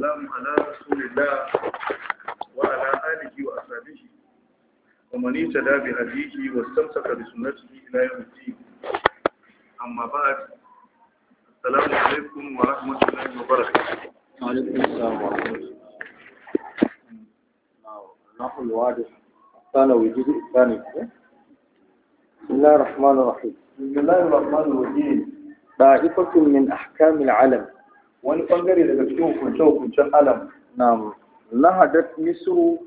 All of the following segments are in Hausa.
والسلام على رسول الله وعلى آله وأصحابه ومن اهتدى بهديه واستمسك بسنته إلى يوم الدين أما بعد السلام عليكم ورحمة الله وبركاته وعليكم السلام ورحمة الله نحو الوارث كان وجود الثاني بسم الله الرحمن الرحيم بسم الله الرحمن الرحيم طائفة من أحكام العلم wani bangare daga cikin hukunce hukuncen alam na lahadar misru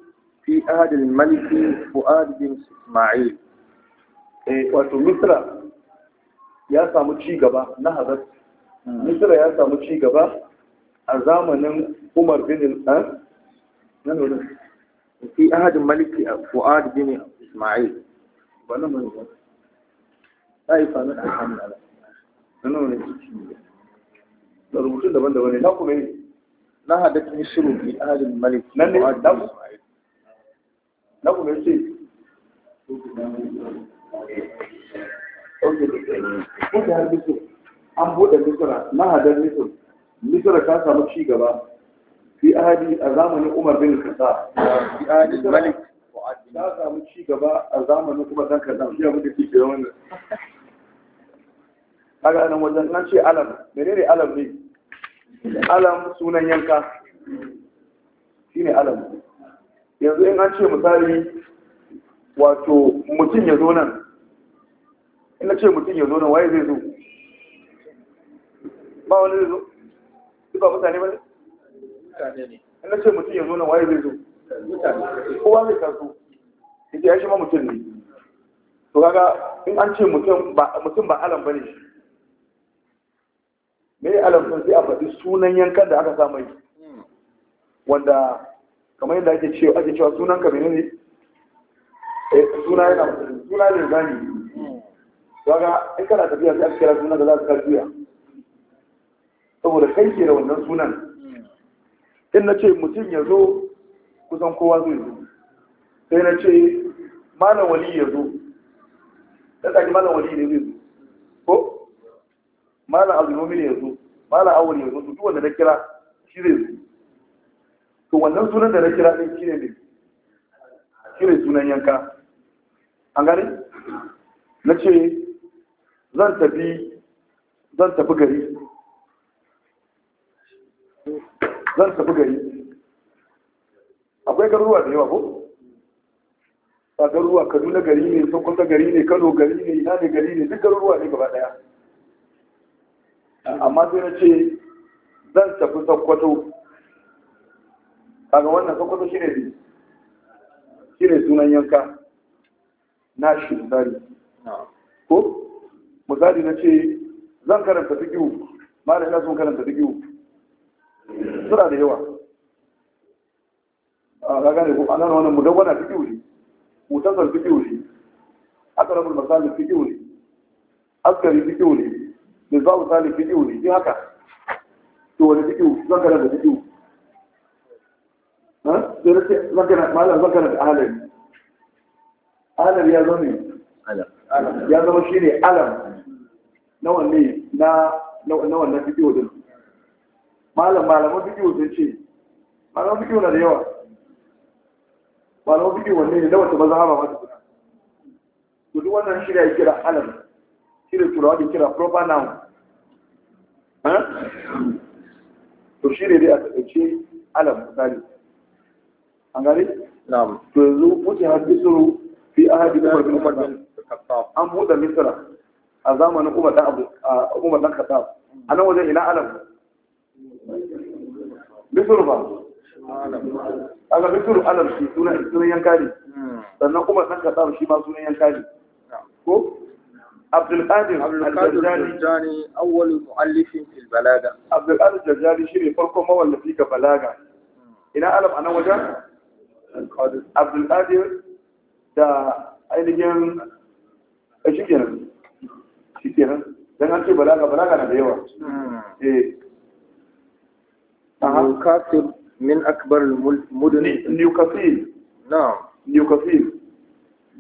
fi adil maliki malik fuad bin isma'il eh, wato misra ya samu ci gaba hadar hmm. misra ya samu ci gaba a zamanin umar bin ɗan eh? fi adil maliki malik fuad bin isma'il bana mai ba ai fa na alhamdulillah nan ala da rubutun daban-daban ne na kuma yi na hadatun shiru bi ahalin malik nan ne na kuma yi ce ok har misir an buɗe misira na hadar misir misira ta samu ci gaba fi ahadi a zamanin umar bin kasa fi ahadin malik ta samu ci gaba a zamanin kuma dan Kasa. shi abin da ke wannan kaga nan wajen nan ce alam menene alam ne alam sunan yanka shi ne alam yanzu in an ce misali wato mutum ya zo nan in na ce mutum ya zo nan waye zai zo ba wani zai zo ba mutane ba ne in na ce mutum ya zo nan waye zai zo kowa zai kasu? ita ya shi ma mutum ne to kaga in an ce mutum ba alam ba ne me alamsun sai a faɗi sunan yankan da aka sa mai wanda kamar yadda ake cewa ake cewa sunan ka menene eh suna yana suna ne zani daga in kana tafiya sai aka kira sunan da za su ka juya saboda kai ke da wannan sunan in na ce mutum ya zo kusan kowa zai zo sai na ce malam wali ya zo da tsaki malam wali ne zai malam abu nomi ne yanzu, awal ya yanzu to na kira shi zai zo to wannan sunan da na kira ɗin shi ne ne sunan yanka an gani? na ce zan tafi zan tafi gari zan tafi gari akwai garuruwa da yawa ko ba garuruwa kaduna gari ne sokoto gari ne kano gari ne ina ne gari ne duk garuruwa ne gaba daya amma sai na ce zan tafi sakwato, kaga wannan sakwato shine ne shine sunan yanka na shi misali ko misali na ce zan karanta fikihu ma ina son karanta fikihu Sura da yawa a gane ko anan wannan mudawwana fikihu ne mutasar fikihu ne akaramul masalik fikihu ne askari fikihu ne ku salih fiqhu ne ji haka to wani fiqhu zan karanta fiqhu ha sai nace zan karanta malam zan karanta ahlari ahlari ya zama alam ya zama shine alam na wanne na na wannan fiqhu din malam malaman fiqhu sun ce malaman fiqhu na da yawa malaman fiqhu wanne ne na wata maza mazhaba ma ta duk wannan shirya kira alam shirya turawa da kira proper noun to shi ne dai a taƙaice alam misali an gane to yanzu wuce har bisiru fi a haɗi umar bin umar an buɗe misira a zamanin umar ɗan kasa a nan wajen ina alam misiru ba a ga misiru alam shi sunan yanka ne hmm. sannan umar ɗan kasa shi ma sunan yanka ne ko عبد القادر عبد القادر الجرجاني أول مؤلف في البلاغة عبد القادر الجرجاني شيء فرقه ما ولا فيك بلاغة إلى ألم أنا وجه عبد القادر دا ainihin a shikenan shikenan don an ce balaga balaga na da yawa eh newcastle min akbar mudun newcastle na newcastle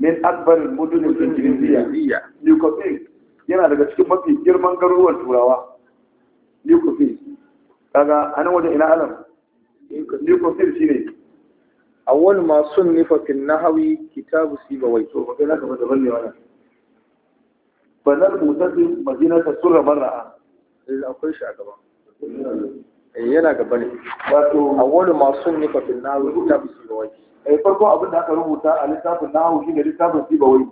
min akbar mudun ingiliziya newcastle yana daga cikin mafi girman garuruwan turawa newcastle kaga anan wajen ina alam newcastle shine awwal ma sunnifa fi nahwi kitabu sibawai to ba kana kamar da balle wannan banal mutasim madinata surra barra eh, akwai shi a gaba eh, yana gaba ne wato awwal ma sunnifa fi nahwi kitabu sibawai ai eh, farko abin da aka rubuta a littafin shi shine littafin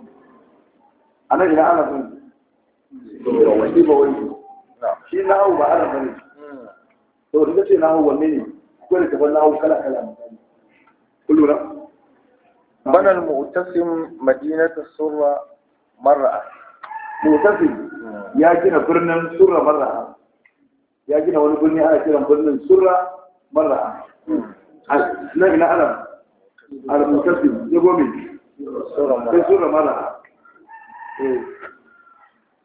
A nan ina ana sun bawai shi hau ba ana bane to da na hau wanne ne akwai da na hau kala kala kullu na bana mutasim madinata surra mar'a mu'tasim ya gina birnin surra mar'a ya gina wani birni ana kiran birnin surra mar'a hmm. na ina ana al ya gome sura mala eh.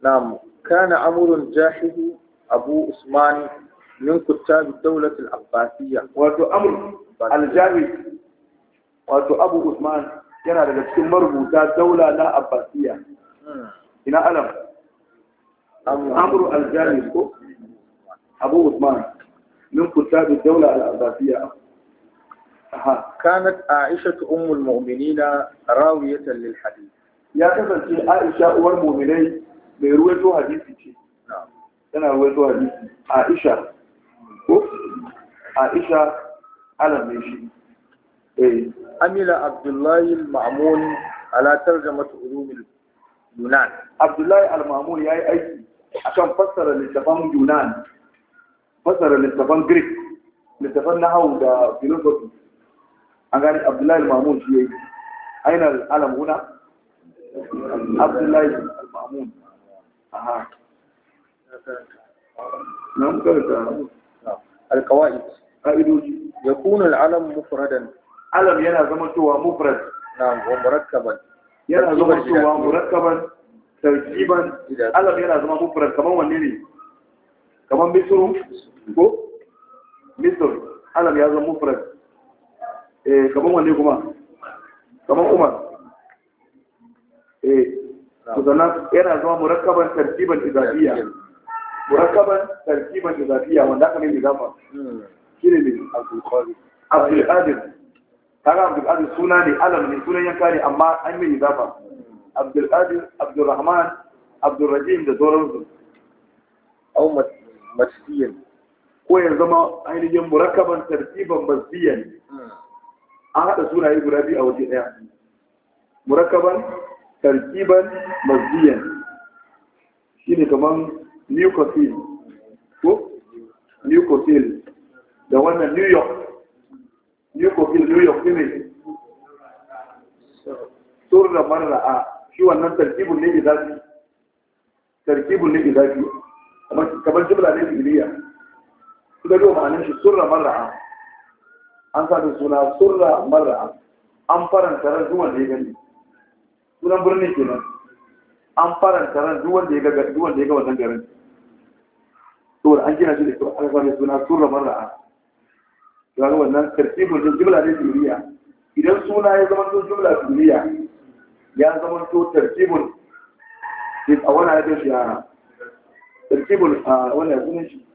na'am kana amrun jahihi abu usman min kuttab dawlat al-abbasiyya wato abu usman yana daga cikin marubuta daula na abbasiyya ina alam amru al-jahid ko abu min abbasiyya كانت عائشة أم المؤمنين راوية للحديث يا كفن عائشة أم المؤمنين بيرويتو حديثي نعم أنا رويتو حديثي عائشة عائشة على ميشي إيه عمل عبد الله المعمون على ترجمة علوم اليونان عبد الله المعمون يا أيدي عشان فسر للتفهم يونان فسر للتفهم جريك للتفهم نحو ده فيلوسوفي an gani abdullahi al-mamun shi yayi aina al-alam huna abdullahi al-mamun aha nan karanta al-qawaid qaidoji yakunu al-alam mufradan alam yana zama cewa mufrad na'am wa murakkaban yana zama cewa murakkaban tarjiban alam yana zama mufrad kaman wanne ne kaman misru ko misr alam ya zama mufrad eh kaman wanne kuma kaman umar eh to sannan yana zama murakkaban tartiban izafiyya murakkaban tartiban izafiyya wanda aka ne izafa shine ne abdulkadir qadir kaga abdulkadir suna ne alam ne sunan yanka ne amma an mai izafa rahman Abdul rajim da sauransu au masjiyan ko ya zama ainihin murakkaban tartiban masjiyan hmm. an haɗa sunaye guda biyu a waje ɗaya murakaban tarkiban mazdiyan shine kaman mucosil ko mucosil da wannan new york mucosil new york ne sur da a shi wannan tarkibun ne idafi tarkibun ne idafi kamar jimla ne fi'iliya su da yau ma'anin shi sur da a an sa da suna surra marra an faranta ran duwan da ya gani sunan birnin kenan an faranta ran duwan da ya ga duwan da ya ga wannan garin to an gina shi da kyau an sa da suna surra marra ya ga wannan tartibin da jumla da duniya idan suna ya zama to jumla duniya ya zama to tartibin a wani ya shi a tartibin a wani ya sunan shi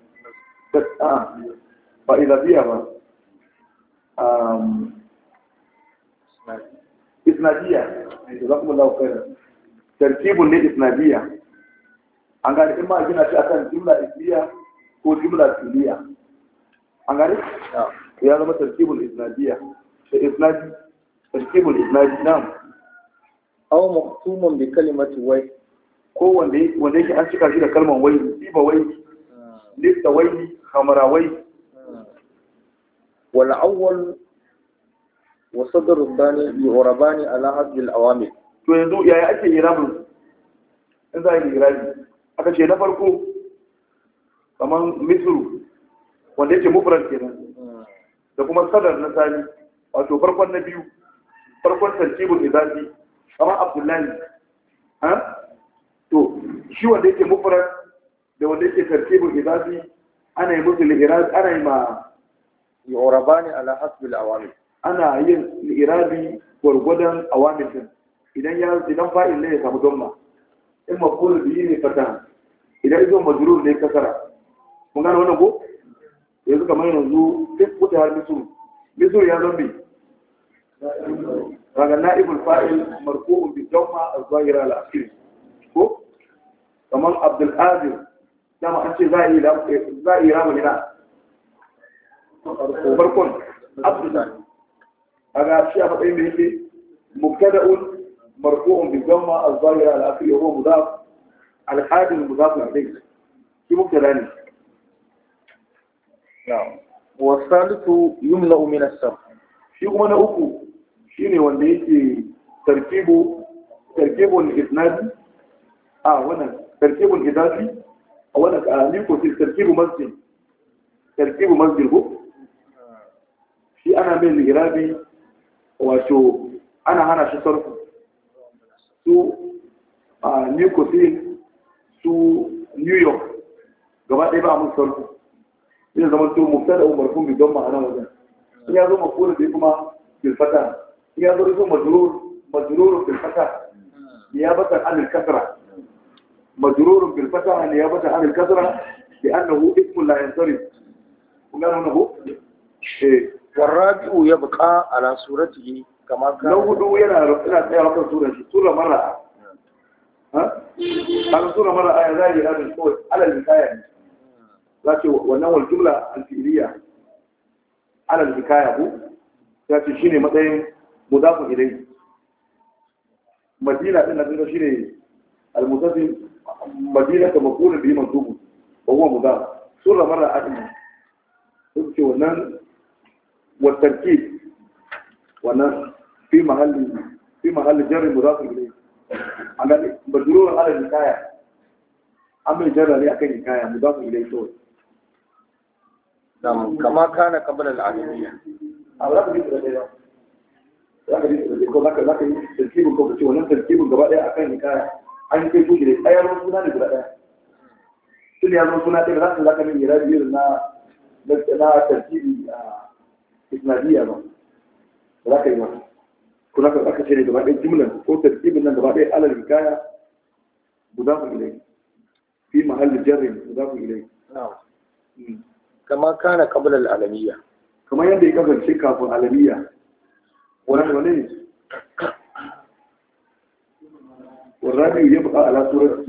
ba izabiya ba Um, isnadiya jazakumullahu ne an in ma gina shi akan jimla ko jimla an ya zama tartibul isnadiya da isnadi tartibul isnadi nam wai ko wanda yake an cika shi da kalman wai siba wai lifta wai والأول وصدر الثاني يعربان على حد الأوامر to yanzu yaya ake irabin in za a yi irabi aka ce na farko kamar misru wanda yake mufran kenan da kuma sadar na sani wato farkon na biyu farkon tarkibul izafi kamar abdullahi to shi wanda yake mufran da wanda yake tarkibul izafi ana yi musu ana yi yu'rabani ala hasbi al-awamil ana yin irabi gwargwadon awami din idan ya idan fa'il ne ya samu dhamma in maf'ul bihi ne fata idan izo majrur ne kasara mun gane wannan ko yanzu kamar yanzu duk kuta har misur misur ya zambi daga na'ibul fa'il marfu'un bi dhamma az-zahira al-akhir ko kamar abdul azim dama an ce za a yi za a yi ramu farkon abdullahi kaga shi a matsayin da yake mubtada'un مرفوع بالجمع الظاهر على أخيه وهو مضاف الحادي المضاف إليه في مبتدا نعم والثالث يملأ من السم في من أكو شيني wanda yake tarkibu tarkibul isnad ah wannan tarkibul idafi wannan ni ko tarkibu masjid tarkibu masjid ko shi ana mai zigirabi wato ana hana shi sarku su a new coffee su new york gaba ɗaya ba a mun sarku ina zama to mufta da umar kun bidon ma'ana wajen in ya zo makola da kuma bilfata in ya zo rizo majururun bilfata ya bata anil kasra majururun bilfata ne ya bata anil kasra da annahu ismun la yansarif kun gano na ko eh warrabi'u ya buƙa ala suratihi kama ka na hudu yana ina tsaya maka sura shi mara ha an sura mara aya zai da bin ko ala hikaya ne zace wannan wal al fi'liya ala hikaya ku zace shine matsayin mudafun ilayhi madina din nan shine al mudafin madina ka maqulun bi mansubu wa huwa mudaf sura mara aya ne wannan والتركيب وانا في محل في محل جر مضاف اليه عمل مجرور على الحكايه عمل جر عليه اكن حكايه مضاف اليه تو نعم كما كان قبل العالميه اولا بيقول zaka ji ko zaka zaka yi tarkibin ko kace wannan tarkibin gaba daya akan hikaya an kai ku gire ɗaya ruwan suna ne guda ɗaya tun ya zo suna ɗaya za ka zaka min irabi na na tarkibi a إسنادية يقولون ذاك ما كنا كنا ذاك شيء ما بين جملة أو ترتيب من ذاك على الحكاية مضاف إليه في محل الجر مضاف إليه نعم كما كان قبل العالمية كما يندي قبل شيء قبل العالمية ورد ولي والرابع يبقى على سورة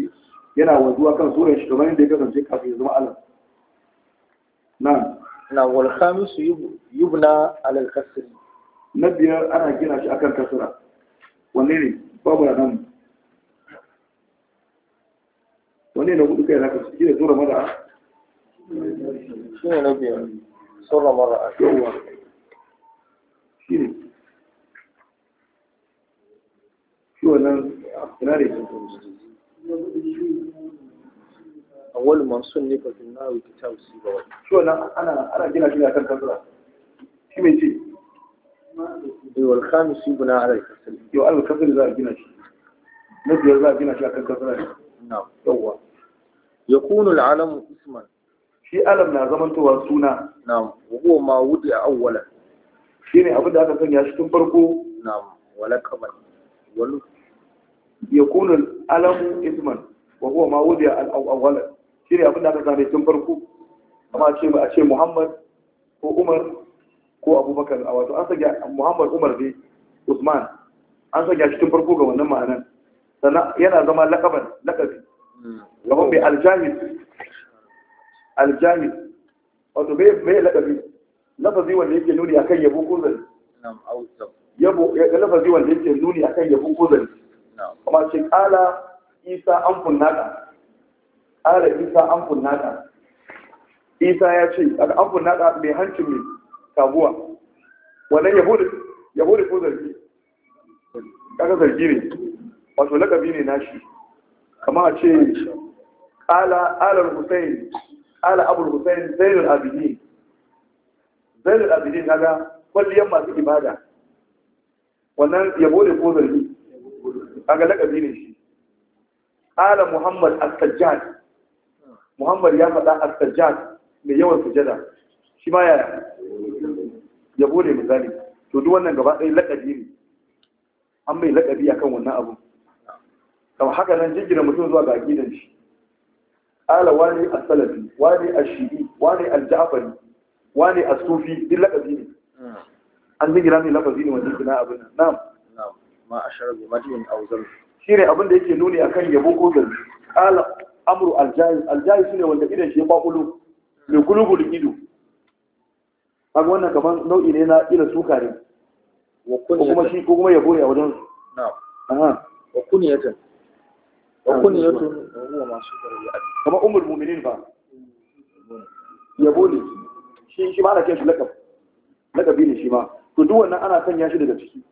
ينا وضوء كان سورة شكما يندي قبل شيء قبل العالمية نعم na wal khamis yubna ala al na biyar ana gina shi akan kasra wanne ne babu da nan wanne ne hudu kai na kasu gina tura mara shi ne na biyar sura mara yawa shi ne shi wannan ina ne awwal man sunnifa fi nawi kitab sibawi shi wannan ana ana gina gina kan kasra shi me ce eh wal khamis ibna ala al-kasr yo al-kasr za a gina shi na biyar za a gina shi akan kasra na yawa yakunu al-alamu isman shi alam na zamantowa suna na'am wa huwa ma wudi awwalan shine abin da aka sanya shi tun farko Na wala kamar wal yakunu al-alamu isman وهو ما وضع الأول shi ne abin da aka sami tun farko amma ce ba a ce muhammad ko umar ko abubakar a wato an sage muhammad umar ne usman an sanya shi tun farko ga wannan ma'anan sannan yana zama lakabar lakabi gaban mai aljamis. aljahil wato mai laƙabi lafazi wanda yake nuni akan yabo ko zari yabo lafazi wanda yake nuni akan yabo ko zari amma ce ƙala isa an funnaka ƙara isa an kunnata isa ya ce an kunnata mai hancin mai taguwa wannan yahudu ko zargi Daga zargi ne wato lakabi ne nashi kama a ce ala alar hussein ala abul hussein zainul abidin zainul abidin kaga kwalliyar masu ibada wannan yahudu ko zargi kaga lakabi ne shi ala muhammad al-sajjad muhammad ya faɗa al-sajjad mai yawan sujada shi ma yaya yabo ne misali to duk wannan gaba ɗaya laƙabi ne an mai laƙabi akan wannan abu Kama haka nan jigina mutum zuwa ga gidan shi ala wani as-salafi wani ash-shi'i wani al-ja'fari wani as-sufi duk laƙabi ne an jingina mai laƙabi ne wannan gina abin nan na'am na'am ma ashara bi madin aw zal shine abin da yake nuni akan yabo ko zalbi ala amru Aljayi. aljahiz ne wanda idan shi ya bakulu mai gulugulun ido kaga wannan kamar nau'i ne na ila suka ne ko kuma shi ko kuma a wajen su na'am wa kuniyatan wa kuniyatun huwa masu kamar ummul mu'minin ba ya ne shi shi ma ana kai shi lakab lakabi ne shi ma to duk wannan ana sanya shi daga ciki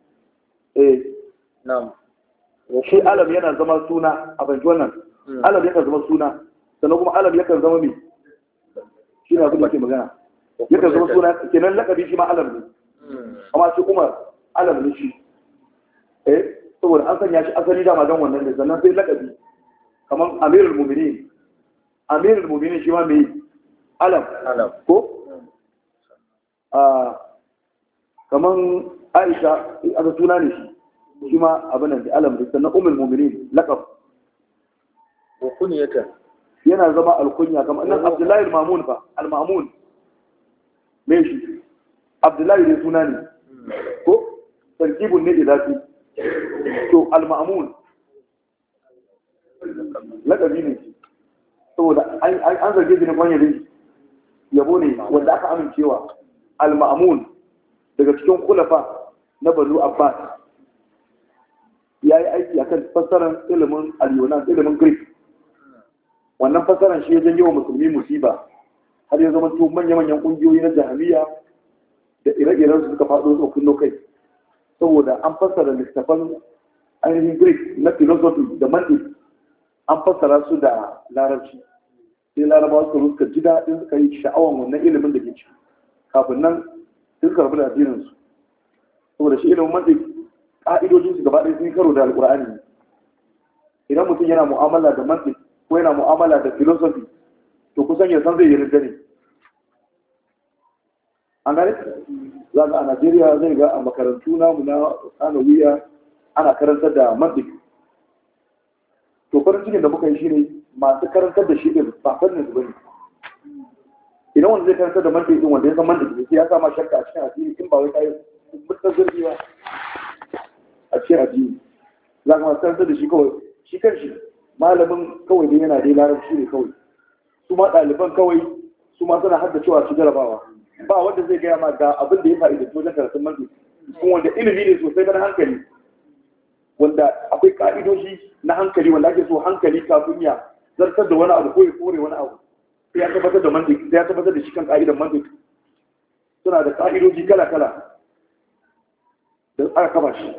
eh na'am shi alam yana zama suna a banji wannan Hmm. alaf yakan zama suna sannan kuma alaf yakan zama mai shi ne abin da ke magana yakan zama suna kenan lakabi shi ma alaf ne hmm. amma shi umar alaf ne shi eh saboda an sanya shi asali dama don wannan ne sannan sai lakabi kamar amirul muminin amirul muminin shi ma mai alam ko ah, kamar aisha aka suna ne shi shi ma abin da alam da sannan umar muminin lakabi kunyata yana zama alkunya kamar nan abdullahi mamun fa almamun me shi abdullahi ne suna ne ko tarkibun ne da zafi to al-mamun lakabi ne saboda an zarge ne kwanye ne yabo ne wanda aka amincewa almamun daga cikin kulafa na banu abbas ya yi aiki akan fassarar ilimin al-yunan ilimin greek wannan fasaran shi ya janye wa musulmi musiba har ya zama su manya-manyan ƙungiyoyi na jahamiya da ire-iren su suka faɗo tsokin lokai. saboda an fassara littafan ainihin greek na philosophy da mandi an fassara su da larabci sai larabawa su ruska ji daɗin suka yi sha'awan wannan ilimin da ke ci kafin nan sun karɓi da addinin su saboda shi ilimin mandi ƙa'idojin su gaba ɗaya sun karo da alƙur'ani idan mutum yana mu'amala da mandi ko yana mu'amala da filosofi to kusan ya san zai yi rinjani an gane za a najeriya zai ga a makarantu namu na wuya ana karantar da mardik to farin cikin da muka yi shine masu karantar da shi ne ba fannin su bane idan wanda zai karantar da mardik din wanda ya san mardik ne sai ya sama shakka a cikin addini in ba wai kai mutan zurfi ba a cikin addini za ka masu karantar da shi kawai shi kan shi malamin kawai ne yana dai larabci ne kawai su ma ɗaliban kawai su ma suna hadda cewa su jarabawa ba wanda zai gaya ma ga abin da ya fa'ida to wajen karatun mazi kuma wanda ilimi ne sosai na hankali wanda akwai ka'idoji na hankali wanda ake so hankali kafin ya zartar da wani abu ko ya kore wani abu sai ya tabbatar da mantik sai ya tabbatar da shi kan ka'idar mantik suna da ka'idoji kala kala da aka kama shi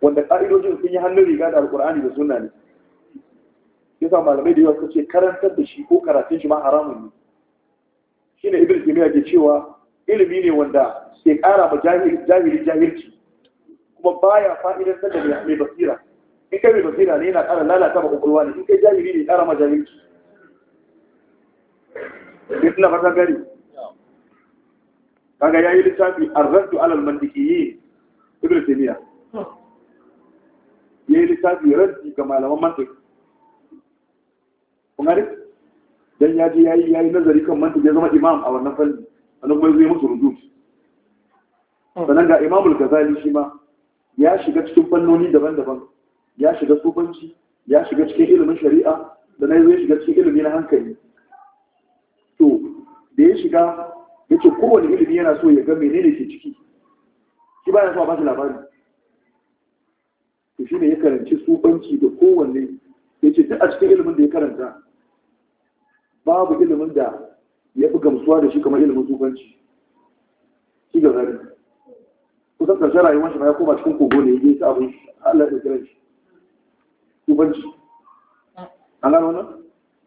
wanda ka'idojin sun yi hannun riga da alkur'ani da sunna ne shi malamai da yawa suka ce karantar da shi ko karatun shi ma haramun ne shi ne ibn jami'a ke cewa ilimi ne wanda ke ƙara ma jahilin jahilci kuma baya fa'idar da mai basira in kai mai basira ne yana ƙara lalata ma kwakwalwa ne in kai jahili ne ƙara ma jahilci ne suna farkon gari kaga ya yi littafi arzantu alal mantikiyi ibn jami'a ya yi littafi raddi ga malaman mantiki kuma ne dan ya je yayi yayi nazari kan manta ya zama imam a wannan fanni sannan kuma zai musu rudu sannan ga imamul ghazali shi ma ya shiga cikin fannoni daban-daban ya shiga sufanci ya shiga cikin ilimin shari'a da na zai shiga cikin ilimi na hankali to da ya shiga ya ce kowane ilimi yana so ya ga menene ke ciki shi ba ya so a ba labari to shi ne ya karanci sufanci da kowanne ya ce duk a cikin ilimin da ya karanta babu ilimin da ya fi gamsuwa da shi kamar ilimin tukanci, shi ga zari kusan karshen rayuwar shi ma ya koma cikin kogo ne ya ta abin Allah ya kiran shi Tukanci, an gano nan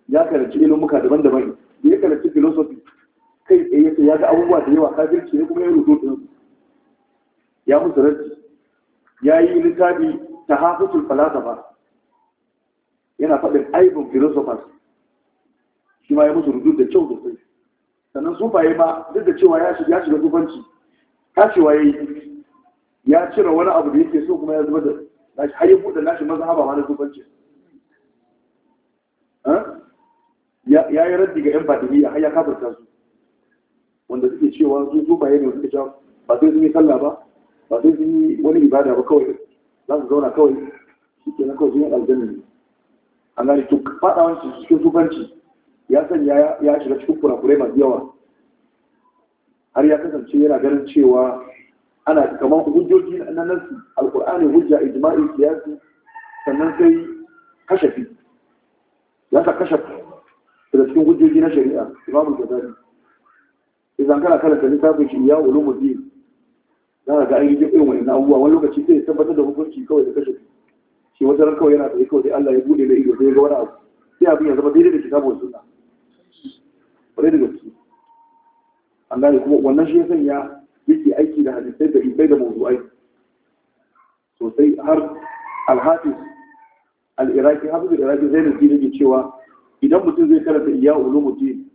ya karanci ilimuka daban-daban ya karanci philosophy kai tsaye ya ga abubuwa da yawa kafirci ne kuma ya rubuto din ya musu rarci ya yi littafi ta hafisul ba yana faɗin aibin philosophers shi ma ya musu rudu da kyau sosai sannan sufaye ma duk da cewa ya shiga zubanci cewa ya yi ya cire wani abu da yake so kuma ya zuba da nashi har yi buɗe nashi mazhaba ma na zubanci ya yi raddi ga 'yan badiriya har ya kafarta su wanda suke cewa su sufaye ne suka cewa ba sai sun yi sallah ba ba sai sun yi wani ibada ba kawai za su zauna kawai shi ke na kawai sun yi aljanna ne a gani to faɗawanci cikin zubanci ya sanya ya shiga cikin kurakurai masu yawa har ya kasance yana ganin cewa ana kamar hujjoji na nasu alkur'ani hujja ijma'i siyasi sannan sai kashafi ya sa kashafi daga cikin hujjoji na shari'a imamul gazali idan kana karanta littafin shi ya biyu. za ka ga an yi irin wani abubuwa wani lokaci sai tabbatar da hukunci kawai da kashafi shi wajen kawai yana da kawai sai Allah ya bude mai ido sai ya ga wani abu sai abin ya zama daidai da kitabun sunna kwarai da gaske an gane kuma wannan shi ya sanya yake aiki da hadisai da ibai da mawdu'ai sosai har alhafiz al-iraqi da al zai nufi ne cewa idan mutum zai karanta iya ulumuddin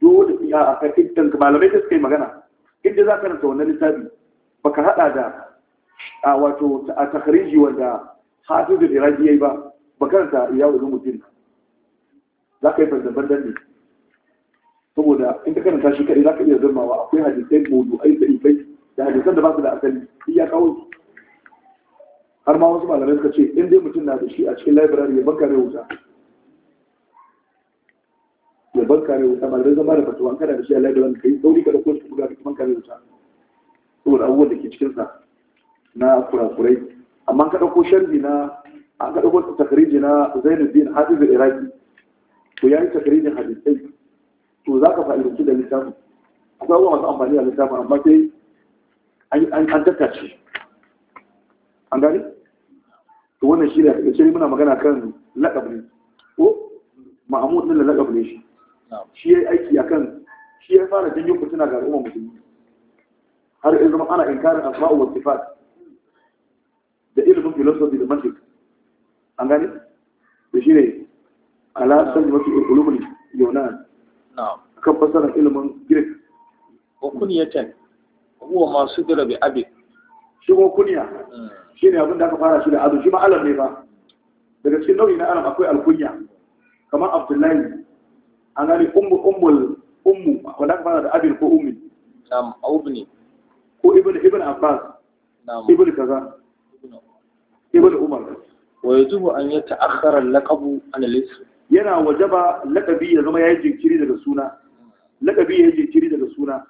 dole iya a kan idan malamai da suka yi magana inda za ka karanta wannan littafi baka hada da a wato a takhriji wanda hafiz al-iraqi yayi ba baka karanta iya ulumuddin za ka yi fardaban dan ne saboda in ka karanta shi kaɗai za ka iya wa akwai hadisai modu ai da ibai da hadisan da ba su da asali shi ya kawo su har ma wasu malamai suka ce in dai mutum na da shi a cikin library ya bankare wuta ya bankare wuta malamai zama da fatuwa kana da shi a library kai sauri ka dauko shi kuma ka bankare wuta saboda abubuwan da ke cikin sa na kurakurai amma ka dauko sharbi na an ka dauko takariji na Zainuddin Hafiz al-Iraqi to yayi takarije hadisai to za ka fa'idanci da littafin akwai abubuwa masu amfani da littafin amma sai an tattace an gani to wannan shi da ya muna magana kan laƙab ko ma'amud ɗin da laƙab shi shi ya yi aiki a kan shi ya fara janyo fitina ga al'umma musulmi har yanzu zama ana inkarin asma'u wa sifat da ilimin philosophy da mantik an gani da shi ne ala sanyi mafi ulumul yunan kan fasara ilimin Greek wa kunyatan huwa masu dira bi abi shi ko kuniya, hmm. shi ne abin da aka fara shi da azu shi ma alam ne ba daga cikin nau'i na alam akwai alkunya kamar abdullahi an gani umu umu ummu wanda aka fara da abin ko ummi na'am aubni ko ibn ibn abbas na'am ibn kaza ibn umar wa yajibu an yata'akhkhara al-laqabu an al-ism yana wajaba lakabi ya zama ya yi jinkiri daga suna lakabi ya yi jinkiri daga suna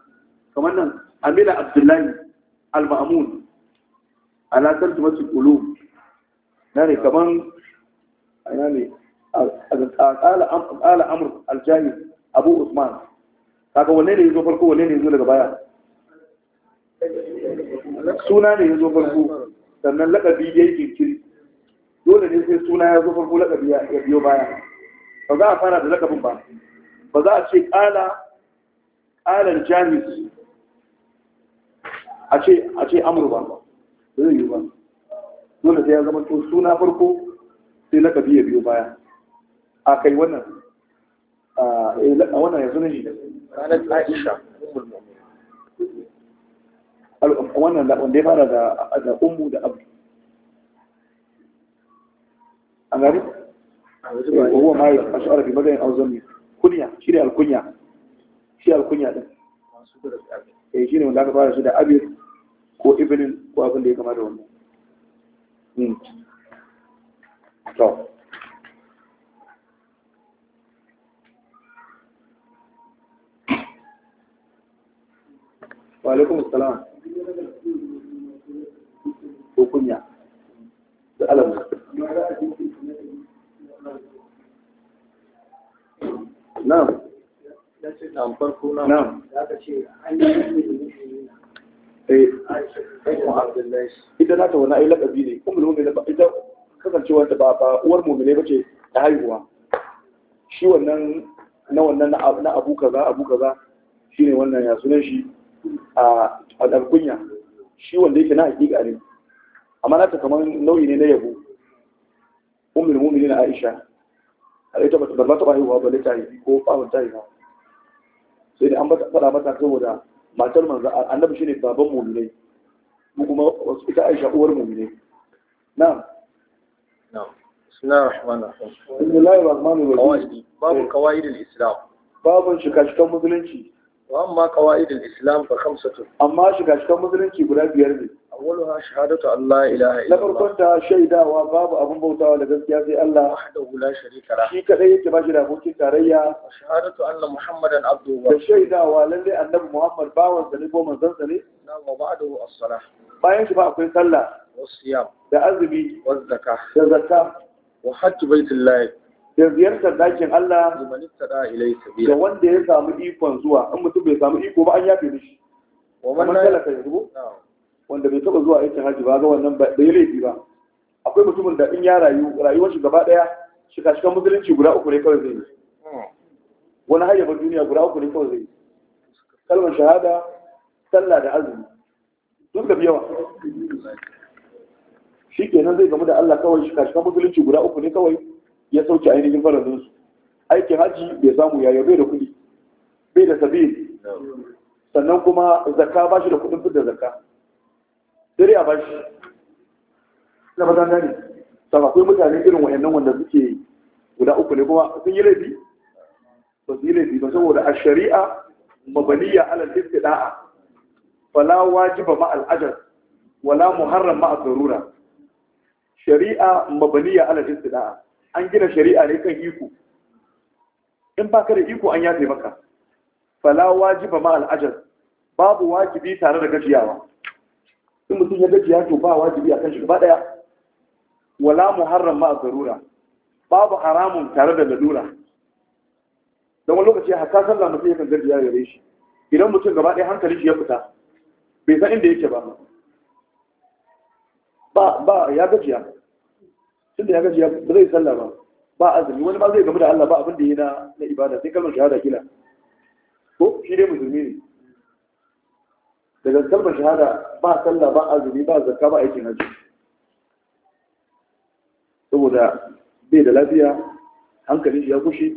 kamar nan amila abdullahi al-ma'amun alatar tumatin ulu na ne kamar a ne ala amur aljahi abu usman kaga wanne ne ya zo farko wanne ne ya zo daga baya suna ne ya zo farko sannan lakabi ya yi jinkiri dole ne sai suna ya zo farko lakabi ya biyo baya ba za a fara da lakabin ba ba za a ce ƙala ƙalar jamis a ce a ce amur ba ba zai yi ba dole sai ya zama to suna farko sai lakabi ya biyo baya a kai wannan a eh, wannan yanzu ne ranar aisha wannan da wanda ya fara da Umu da abu A gari وهو ما أشعر في مدين أو ظني كنيا شيري الكنيا شيري الكنيا ده na'am na'am farko na'am zaka ce wani ne ummul ita kasancewa ta ba bace ta haihuwa shi wannan na wannan na abu kaza abu kaza shine wannan ya sunan shi a alkunya shi wanda yake na hakika ne amma nata kamar nau'i ne na yabo ne na Aisha har ita ba ta taɓa haihuwa ba ta haifi ko ba ta yi ba? sai dai an faɗa mata saboda matar manzo annabi shine baban mu'minai mu kuma wasu ita Aisha uwar na? mu'minai na'am na'am bismillahir rahmanir rahim babu kawai kawaidul islam babun shikashikan musulunci wa amma qawaidul islam fa khamsatun amma shiga cikin musulunci guda biyar ne awwaluha shahadatu allah ilaha illa na ta shaidawa babu abin bautawa da gaskiya sai allah wahdahu la sharika la shi kadai yake ba shi da abokin tarayya shahadatu anna muhammadan abduhu da shaidawa lalle annabi muhammad bawan sa ne ko manzon sa ne na wa ba'dahu as-salah bayan shi ba akwai sallah wasiyam da azumi wa zakka da zakka wa hajj baitullahi da ziyartar dakin Allah ga wanda ya samu ikon zuwa in mutum bai samu iko ba an yafe da wannan wanda bai taba zuwa aikin haji ba ga wannan bai laifi ba akwai mutumin da in ya rayu rayuwar shi gaba daya shiga shiga musulunci guda uku ne kawai zai yi hmm. wani hayyabar duniya guda uku ne kawai zai yi kalmar shahada sallah da azumi duk da yawa shi kenan zai gamu da Allah kawai shiga shiga musulunci guda uku ne kawai ya sauke ainihin farazin su aikin haji bai samu yayo bai da kudi bai da sabi sannan kuma zakka ba shi da kuɗin fitar zakka dare a shi na ba gane sama akwai mutane irin wayannan wanda suke guda uku ne kuma sun yi laifi ba su yi laifi ba saboda a shari'a mabaniya ala da'a fala wajiba ma al'ajar wala muharram ma darura shari'a mabaniya ala da'a an gina shari'a ne kan iko in ba ka da iko an yafe maka fala wajiba ma al'ajaz babu wajibi tare da gajiyawa in mutum ya gajiya to ba wajibi a kan shi gaba daya wala muharram ma zarura babu haramun tare da lalura don wani lokaci haka sallah mutum yakan gajiya gare shi idan mutum gaba daya hankali shi ya fita bai san inda yake ba ba ya gajiya tunda ya gaji ba zai sallah ba ba azumi wani ma zai gamu da Allah ba abin da yi na ibada sai kalmar shahada kila ko shi dai musulmi ne daga kalmar shahada ba sallah ba azumi ba zakka ba aikin hajji saboda bai da lafiya hankali ya kushe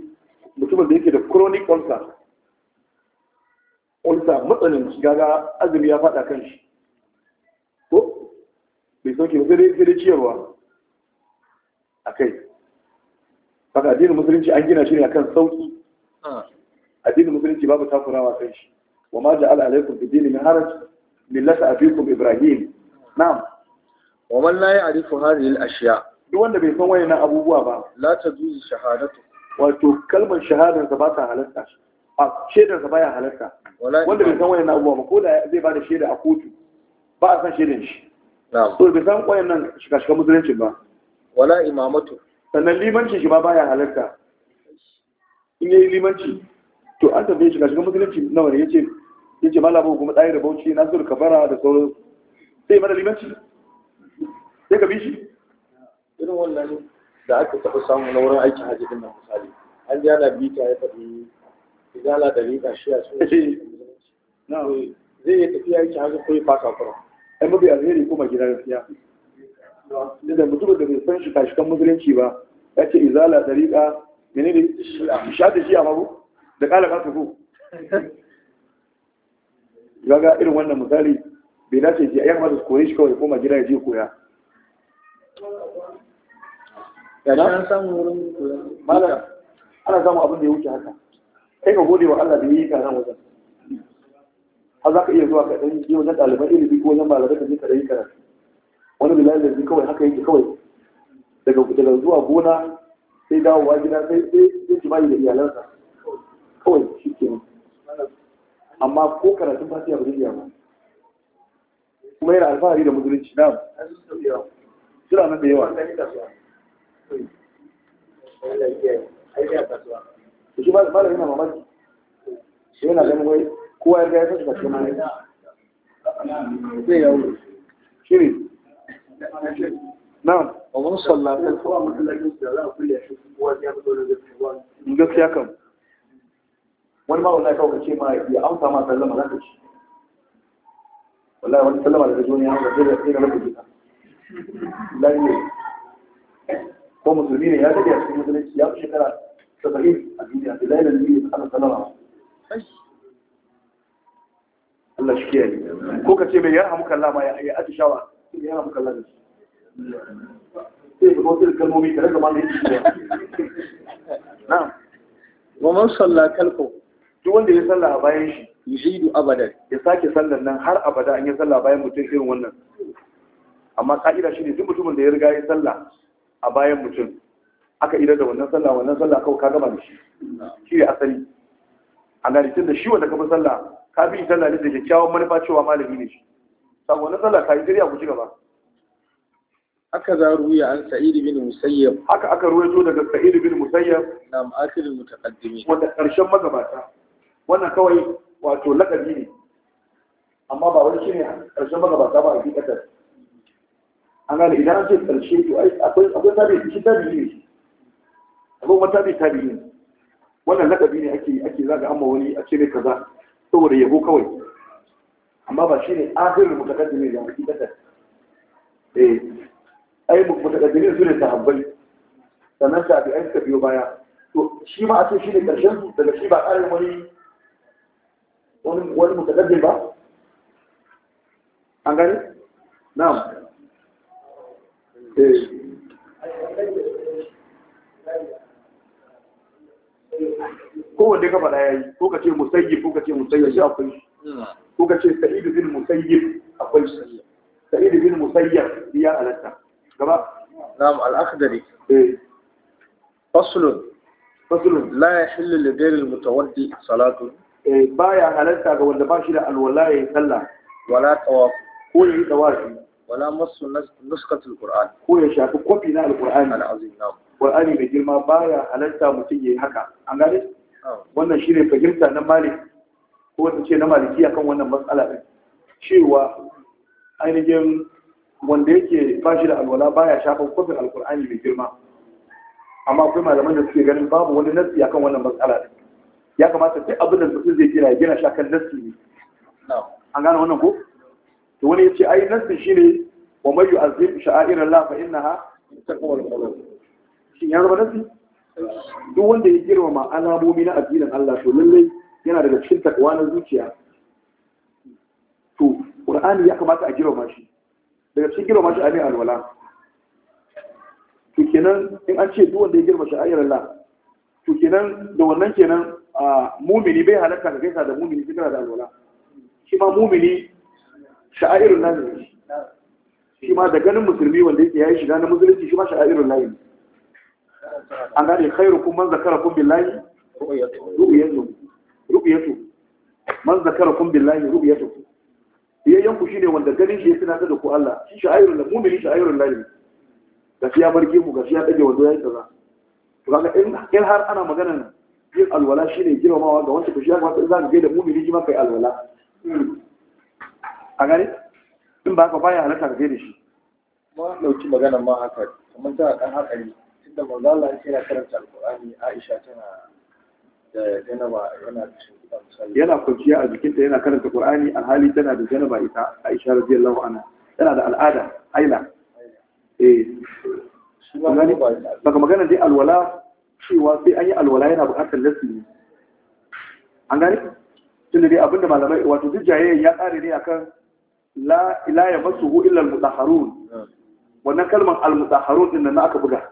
mutumin da yake da chronic ulcer ulcer matsalin gaga azumi ya fada kan shi ko bai sauke ba sai dai ciyarwa a kai baka addinin musulunci an gina shi ne akan sauki ah. addinin musulunci babu takurawa kan shi wa ma ja'ala alaikum fi dinin haraj millata abikum ibrahim na'am wa man la ya'rifu hadhihi al-ashya duk wanda bai san wayannan abubuwa ba la tajuzu shahadatu wato kalmar shahadar ba ta halatta a shedar sa baya halatta wanda bai san wayannan abubuwa ba ko da zai bada sheda a kotu ba a san shedan shi to bai san wayannan shiga shiga musulunci ba wala imamatu sannan limanci shi ma baya halarta in yi limanci to an tambaye shi shiga musulunci nawa ne yace yace malama kuma tsayi da bauchi na sur kafara da sauran sai mana limanci sai ka bi shi irin wannan da aka taɓa samu na wurin aikin hajji din nan misali an ji ana bita ya faɗi izala da rika shi a eh. suna zai yi tafiya aikin hajji ko ya fasa kura ai mafi alheri kuma gida gaskiya da mutum da bai san shi kashikan musulunci ba ya ce izala dariƙa mene ne da shi a mabu da ƙala ƙasa ko gaga irin wannan misali bai dace ce ya kamata su kore shi kawai koma gida ya je koya ana samun abin da ya wuce haka kai ka gode wa Allah da yi ka nan wajen har za ka iya zuwa ka ɗan yi wajen ɗaliban ilimi ko wajen malarai ka je ka ɗan yi karatu wani bilal da kawai haka yake kawai daga daga zuwa gona sai wa gida sai sai bayi da iyalansa kawai shi ke amma ko karatun fasiya ya zai ba kuma yana alfahari da musulunci na suna nan da yawa shi yana mamaki shi yana ganin wai kowa ya ga ya mai zai yawo na'am wa mun sallata ko a masallacin da za a kulle shi kowa ya fito da gaskiya gaskiya kam wani ma wallahi kawai ce ma ya amsa ma sallama za ka ci wallahi wani sallama daga duniya ya zai da tsira rabu gida lalle ko musulmi ne ya dade a cikin musulunci ya fi shekara saba'in a duniya da lalle ne ya tsara sallama Allah shi ke ko ka ce mai yarhamuka Allah ma ya atishawa yana kalmomi tare da na'am salla kalko duk wanda ya salla a bayan shi yuzidu abadan ya sake sallar nan har abada an yi salla bayan mutum irin wannan amma ka'ida shine duk mutumin da ya riga ya salla a bayan mutum aka idar da wannan sallah wannan sallah kawai ka gama da shi shi ne asali a gani tun da shi wanda ka bi sallah ka bi salla ne da kyakkyawan manufa cewa malami ne shi sabonin na ka yi dariya ku ci gaba haka za ruya an sa'idu bin musayyab haka aka ruwaito daga Sa'idu bin musayyab nam akhir mutaqaddimin wanda karshen magabata wannan kawai wato lakabi ne amma ba wani shine ƙarshen magabata ba a hakikatar an gane idan an ce karshe to akwai akwai tabi shi tabi ne akwai wata tabi tabi ne wannan lakabi ne ake ake zaga amma wani a ce ne kaza saboda yabo kawai amma ba shi ne akhirul mutaqaddimin da kasar eh ai mutaqaddimin su ne ta habbai sannan tabi'ai suka biyo baya to shi ma a ce shi ne karshen su daga shi ba ƙarin wani wani wani ba an gani na eh kowanne kafa ɗaya yi ko ka ce musayyi ko ka ce musayyi shi akwai ko ka ce Sa'idu bin musayyib akwai Sa'idu bin musayyib ya alatta gaba na'am al-akhdari eh faslun faslun la yahillu li ghayri al-mutawaddi salatu eh baya halatta ga wanda ba shi da alwala sallah wala tawaf ko yi tawaf wala masu nuskatul qur'an ko ya shafi kofi na al-qur'ani al-azim na qur'ani mai girma baya halatta mutum yayi haka an gane wannan shine fahimta na malik ko wata ce na maliki akan wannan matsala ɗin cewa ainihin wanda yake bashi da alwala baya shafan kofin alkur'ani mai girma amma akwai malaman da suke ganin babu wani nasi akan wannan matsala ɗin ya kamata duk abin da mutum zai gina gina shi akan nasi ne an gane wannan ko to wani yace ai nasi shine wa may yu'azzim sha'airallah fa innaha taqwal qulub shin ya zama nasi duk wanda ya girmama alamomi na addinin Allah to lallai yana daga cikin takwa na zuciya to qur'ani ya kamata a girma shi daga cikin girma shi a alwala to kenan in an ce duk wanda ya girma shi ayyar Allah to kenan da wannan kenan mumini bai halarta ka gaisa da mumini sai kana da alwala shi ma mumini sha'irul lahi shi ma da ganin musulmi wanda yake yayi shiga na musulunci shi ma sha'irul lahi an gane khairukum man zakarakum billahi ru'yatuhu ru'yatu man zakarakum billahi ru'yatu ya yanku shine wanda ganin shi ya tunatar da ku Allah shi sha'irul mu'mini sha'irul lalim gashi ya barge mu gashi ya dage wanda ya yi kaza to kaga in har ana maganar yin alwala shine girmamawa ga wanda ku shi ya kamata in za ka gaida mu'mini shi ma kai alwala a gani in ba ka baya halatta ka gaida shi ma dauki maganar ma haka kamar ta dan hakari tunda manzo yake ya karanta alqur'ani Aisha tana yana kwanciya a jikinta yana karanta Qur'ani hali tana da janaba ita Aisha radiyallahu Ana. Yana da al'ada aila eh baka magana dai alwala cewa sai an yi alwala yana bukatar nasi an gani tunda dai abinda malamai wato duk jayayyen ya kare ne akan la ila ya masu illa al-mutahharun wannan kalmar al-mutahharun din nan aka buga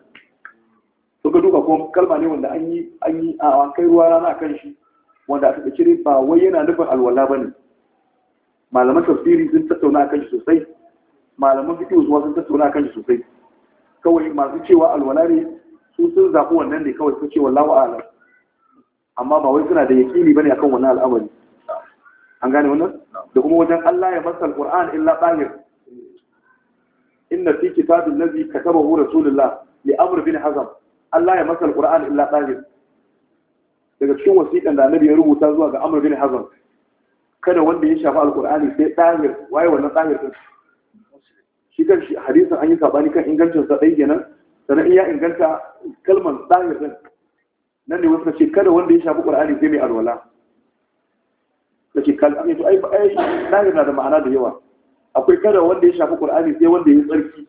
Suka duka ko kalma ne wanda an yi an yi a kai ruwa rana kan shi wanda aka cire ba wai yana nufin alwala bane malaman tafsiri sun tattauna kan shi sosai malaman fiqh su sun tattauna kan shi sosai kawai masu cewa alwala ne su sun zafi wannan ne kawai su ce wallahu a'lam amma ba wai suna da yakini bane akan wannan al'amari an gane wannan da kuma wajen Allah ya masa alquran illa zahir inna fi kitabil ladhi katabahu rasulullah li amr bin hazam Allah ya masa alquran illa tahir daga cikin wasiƙan da annabi ya rubuta zuwa ga Amr bin Hazm kada wanda ya shafa alqur'ani sai tahir waye wannan tahir din shi kan shi hadisin an yi sabani kan ingancin sa dai kenan sannan iya inganta kalmar tahir din nan ne wasu ce kada wanda ya shafi qur'ani sai mai alwala kace kal ai to ai ai tahir na da ma'ana da yawa akwai kada wanda ya shafi qur'ani sai wanda ya yi tsarki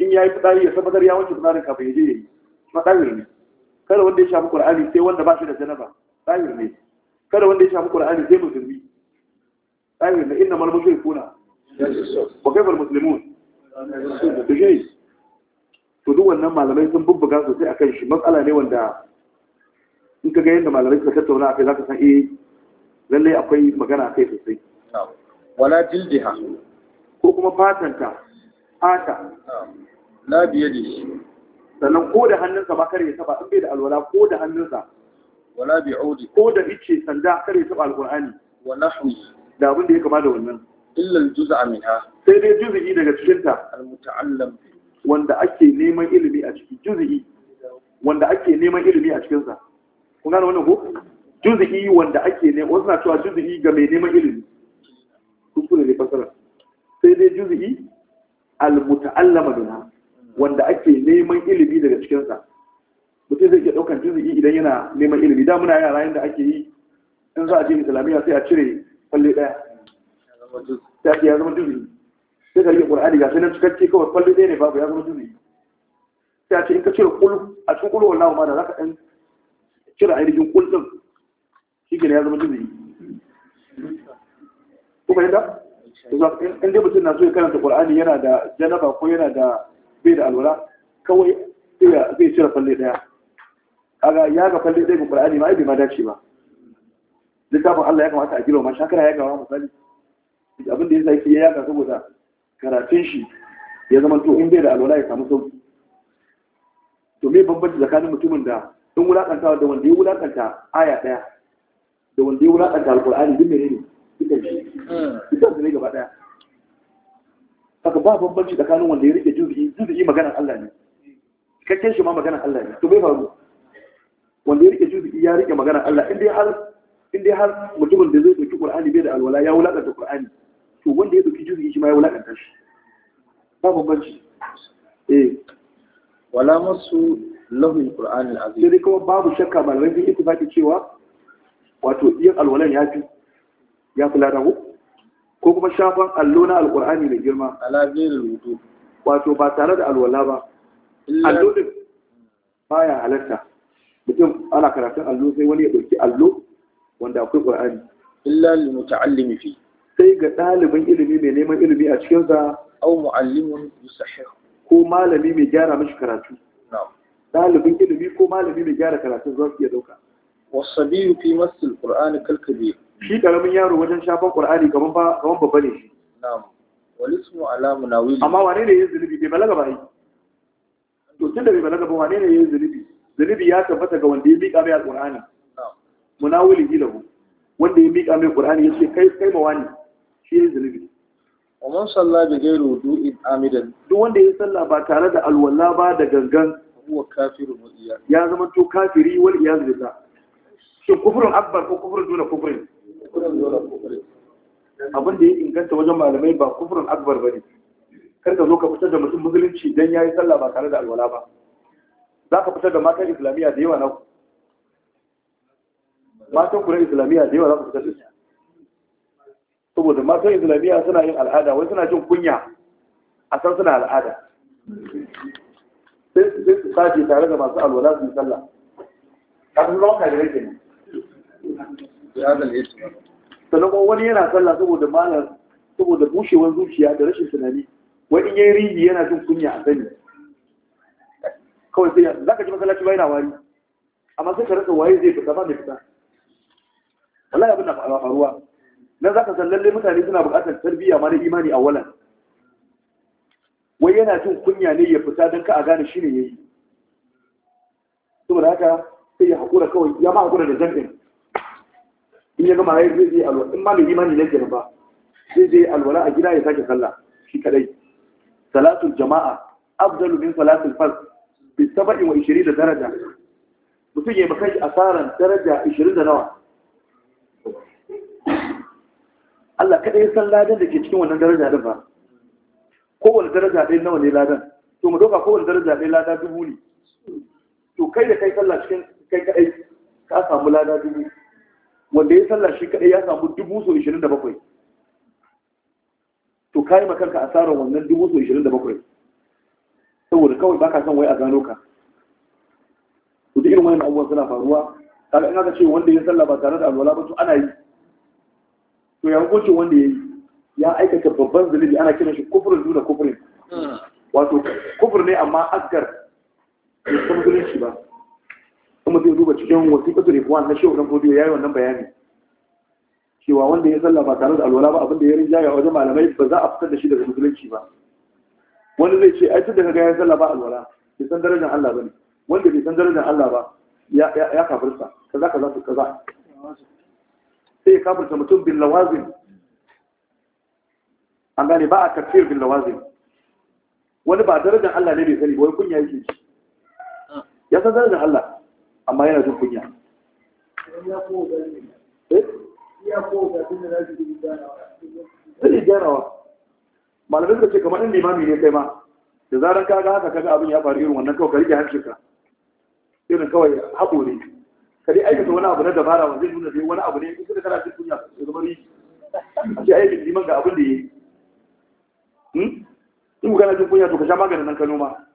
in yayi fitari ya tabbatar ya wanke tsarin kafin ya je yayi ma ne kada wanda ya shafi ƙur'ani sai wanda ba shi da janaba ɗahir ne kada wanda ya shafi ƙur'ani sai musulmi ɗahir ne inna mal mushrikuna wa kaifa al muslimun to shi to duk wannan malamai sun bubbuga sosai akan shi matsala ne wanda in ka ga yadda malamai suka tattauna a kai, za ka san eh lallai akwai magana kai sosai wala jildiha ko kuma fatanta fata la shi. sannan ko da hannunsa ba kare ya taba in bai da alwala ko da hannunsa wala bi audi ko da ice sanda kare ya taba alqur'ani wa nahwi da abin da ya kama da wannan illa al-juz'a minha sai dai juz'i daga cikin ta al-muta'allam wanda ake neman ilimi a ciki, juz'i wanda ake neman ilimi a cikin sa kun gane wannan ko juz'i wanda ake ne wasu na cewa juz'i ga mai neman ilimi kuskure ne fasara sai dai juz'i al-muta'allama minha wanda ake neman ilimi daga cikinsa mutum zai ke ɗaukan juzu'i idan yana neman ilimi da muna yara yadda ake yi in za a je islamiyya sai a cire falle ɗaya sai ke ya zama juzu'i sai ka rike ƙur'ani ga sai na cikakke kawai falle ɗaya ne babu ya zama juzu'i sai a ce in ka cire kulu a cikin kulu wallahu ma da za ka ɗan cire ainihin kul ɗin shi ya zama juzu'i kuma yadda in dai mutum na so ya karanta ƙur'ani yana da janaba ko yana da bai da alwala kawai zai cire falle daya kaga ya ga falle daya ga qur'ani ma bai ma dace ba littafin Allah ya kamata a gilo ma shakara ya gawa misali abin da yasa yake ya ga saboda karatun shi ya zama to in bai da alwala ya samu sauki to me bambanci tsakanin mutumin da in wulakanta da wanda ya wulakanta aya daya da wanda ya wulakanta alqur'ani duk menene ne dukan shi hmm. dukan ne gaba daya haka ba bambanci tsakanin wanda ya rike maganar Allah ne cikakken shi ma maganar Allah ne to bai faru wanda ya rike juzu'i ya rike maganar Allah in dai har in dai har mutumin da zai dauki Qur'ani bai da alwala ya wulakanta Qur'ani to wanda ya dauki jirgin shi ma ya wulakanta shi ba bambanci eh wala masu lahul Qur'ani a azim sai dai kuma babu shakka malamai sun ittifaqi cewa wato yin alwalan ya fi ya fi ladan ko kuma shafan allo na alqur'ani mai girma ala ghairil wato ba tare da alwala ba allo din baya halarta. mutum ana karatun allo sai wani ya ɗauki allo wanda akwai qur'ani illa lil muta'allimi fi sai ga ɗalibin ilimi mai neman ilimi a cikin sa aw mu'allimun yusahih ko malami mai gyara mishi karatu ɗalibin ilimi ko malami mai gyara karatu za su iya ɗauka wasabiyu fi masil qur'ani kalkabi shi karamin yaro wajen shafan qur'ani gaban babba ne shi na'am walismu ala munawili amma wane ne yin zunubi bai balaga ba ai to tunda bai balaga ba wane ne yin zunubi zunubi ya tabbata ga wanda ya miƙa mai alqur'ani munawili hilahu wanda ya miƙa mai alqur'ani yace kai kai ma wani shi yin zunubi wa man salla bi ghairi wudu'in amidan duk wanda ya salla ba tare da alwala ba da gangan huwa kafirun wa iyad ya zama to kafiri wal iyad billah shin kufrun akbar ko kufrun duna kufrin kufrun duna kufrin abin da ya inganta wajen malamai ba kufurin akbar ba ne kar ka zo ka fitar da mutum musulunci don ya yi sallah ba tare da alwala ba za ka fitar da matan islamiyya da yawa na ku matan kuna islamiyya da yawa za ka fitar da su saboda matan islamiyya suna yin al'ada wai suna jin kunya a san suna al'ada sai su sace tare da masu alwala su yi sallah kafin zama kajirai kenan sannan kuma wani yana sallah saboda malar saboda bushewar zuciya da rashin tunani wani yayi rigi yana jin kunya a sani kawai sai za ka ji masallaci ba yana wari amma sai ka rasa waye zai fita ba mai fita wallahi abin na faruwa nan za ka san lallai mutane suna buƙatar tarbiyya ma na imani a walan wai yana jin kunya ne ya fita don ka a gane shi ne ya yi saboda haka sai ya haƙura kawai ya ma haƙura da zanɗin. in ya gama ya zai je alwala in ma mai imani ne kenan ba zai je alwala a gida ya sake sallah shi kadai salatul jama'a afdalu min salatul fard bi da daraja mutum ya maka shi asaran daraja 20 da nawa Allah kadai ya san ladan da ke cikin wannan daraja din ba kowane daraja ɗaya nawa ne ladan to mu doka kowane daraja ɗaya lada dubu ne to kai da kai sallah cikin kai kadai ka samu lada dubu wanda ya sallah shi kadai ya samu dubu so ishirin da bakwai to ka yi makanka tsarin wannan dubu so ishirin da bakwai saboda kawai baka son wai a gano ka to da irin wani abubuwan suna faruwa kaga ina ka ce wanda ya sallah ba tare da alwala ba to ana yi to ya hukunci wanda ya yi ya aikata babban zunubi ana kiran shi kufurin duna kufurin hmm. wato kufur ne amma asgar bai san zunubi ba kuma zai duba cikin wasiƙatu kuwa na shehu dan ya yi wannan bayani cewa wanda ya sallah ba tare da alwala ba abinda ya rinjaya wajen malamai ba za a fitar da shi daga musulunci ba wanda zai ce ai tun da kaga ya sallah ba alwala bai san darajar Allah ba ne, wanda bai san darajar Allah ba ya ya kaza kaza su kaza sai ya kafirta mutum bin lawazin an gane ba a tafiyar bin lawazin wani ba darajar Allah ne bai sani ba wai kunya yake ya san darajar Allah amma yana jin kunya eh? zai da ce kamar ɗin limami ne kai ma da zarar ka ga haka kaga abin ya faru irin wannan kawai ka rike harshenka irin kawai haƙo ne ka dai aikata wani abu na dabara wa zai nuna dai wani abu ne in da kana jin kunya da zama riji a ce aikin liman ga abin da ya yi hmm? in na jin kunya to ka sha maganin nan ka noma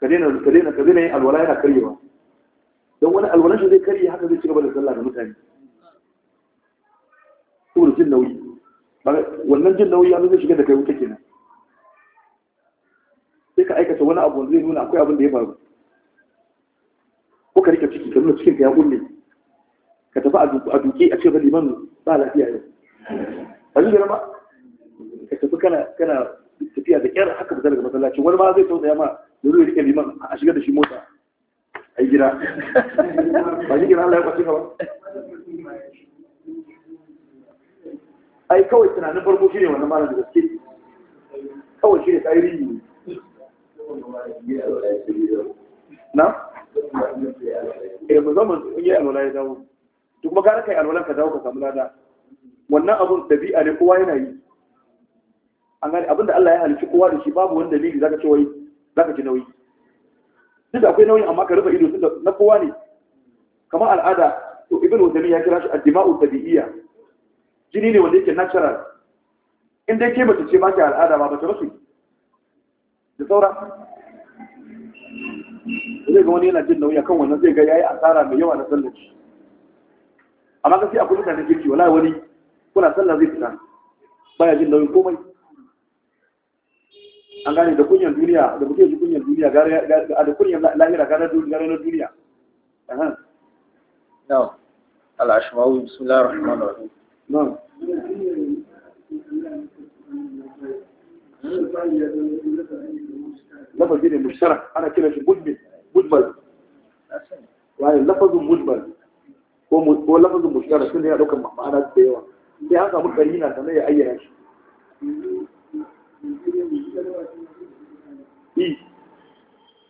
ka daina ka daina yin alwala yana karyewa don wani alwalan shi zai karye haka zai ci gaba da sallah da mutane saboda jin nauyi wannan jin nauyi an zai shiga da kai wuta kenan sai ka aikata wani abu wanda zai nuna akwai abin da ya faru ko ka rike ciki ka nuna cikin ka ya kulle ka tafi a duke a cikin liman ba lafiya yau ba zai ba ka tafi kana tafiya da ƙyar haka ba daga masallaci wani ma zai tausaya ma yanzu ya rike liman a shiga da shi mota a gida ba shi gina Allah ya kwace ka ba ai kawai tunanin farko shi ne wannan malam da gaske kawai shi ne ne. na? eh mu zama in yi alwala ya dawo duk magana kai alwalan ka dawo ka samu lada wannan abun dabi'a ne kowa yana yi an gani abinda Allah ya halicci kowa da shi babu wani dalili zaka ce wai za ka ji nauyi duk da akwai nauyi amma ka rufe ido tunda na kowa ne Kama al'ada to ibn wazami ya kira shi addima'u tabi'iyya jini ne wanda yake natural in dai ke mace ce ba ki al'ada ba mace mace da saura zai ga wani yana jin nauyi kan wannan zai ga yayi asara mai yawa na sallar shi amma gaskiya akwai mutane kirki wala wani kuna sallah zai fita baya jin nauyin komai an gane da kunyan duniya da mutum ji kunyan duniya a da kunyan lahira gara na duniya na'am al'ashmawi bismillahir rahmanir rahim na'am lafazi ne mushtara ana kira shi budbal wani lafazin budbal ko lafazin mushtara sun ya ɗaukar ma'ana da yawa sai an samu karina sannan ya ayyana shi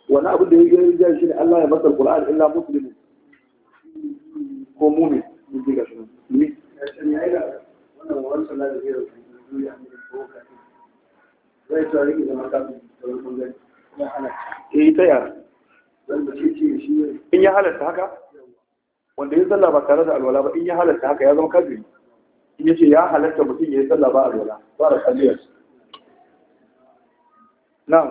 wani abin da ya yi jari shi ne Allah ya masa Al-Qur'an illa muslimin ko mumi mun ji gashi ne eh ta yara in ya halatta haka wanda ya sallah ba tare da alwala ba in ya halatta haka ya zama kafiri in ya ce ya halatta mutum ya yi sallah ba alwala ba da kalliyarsa na'am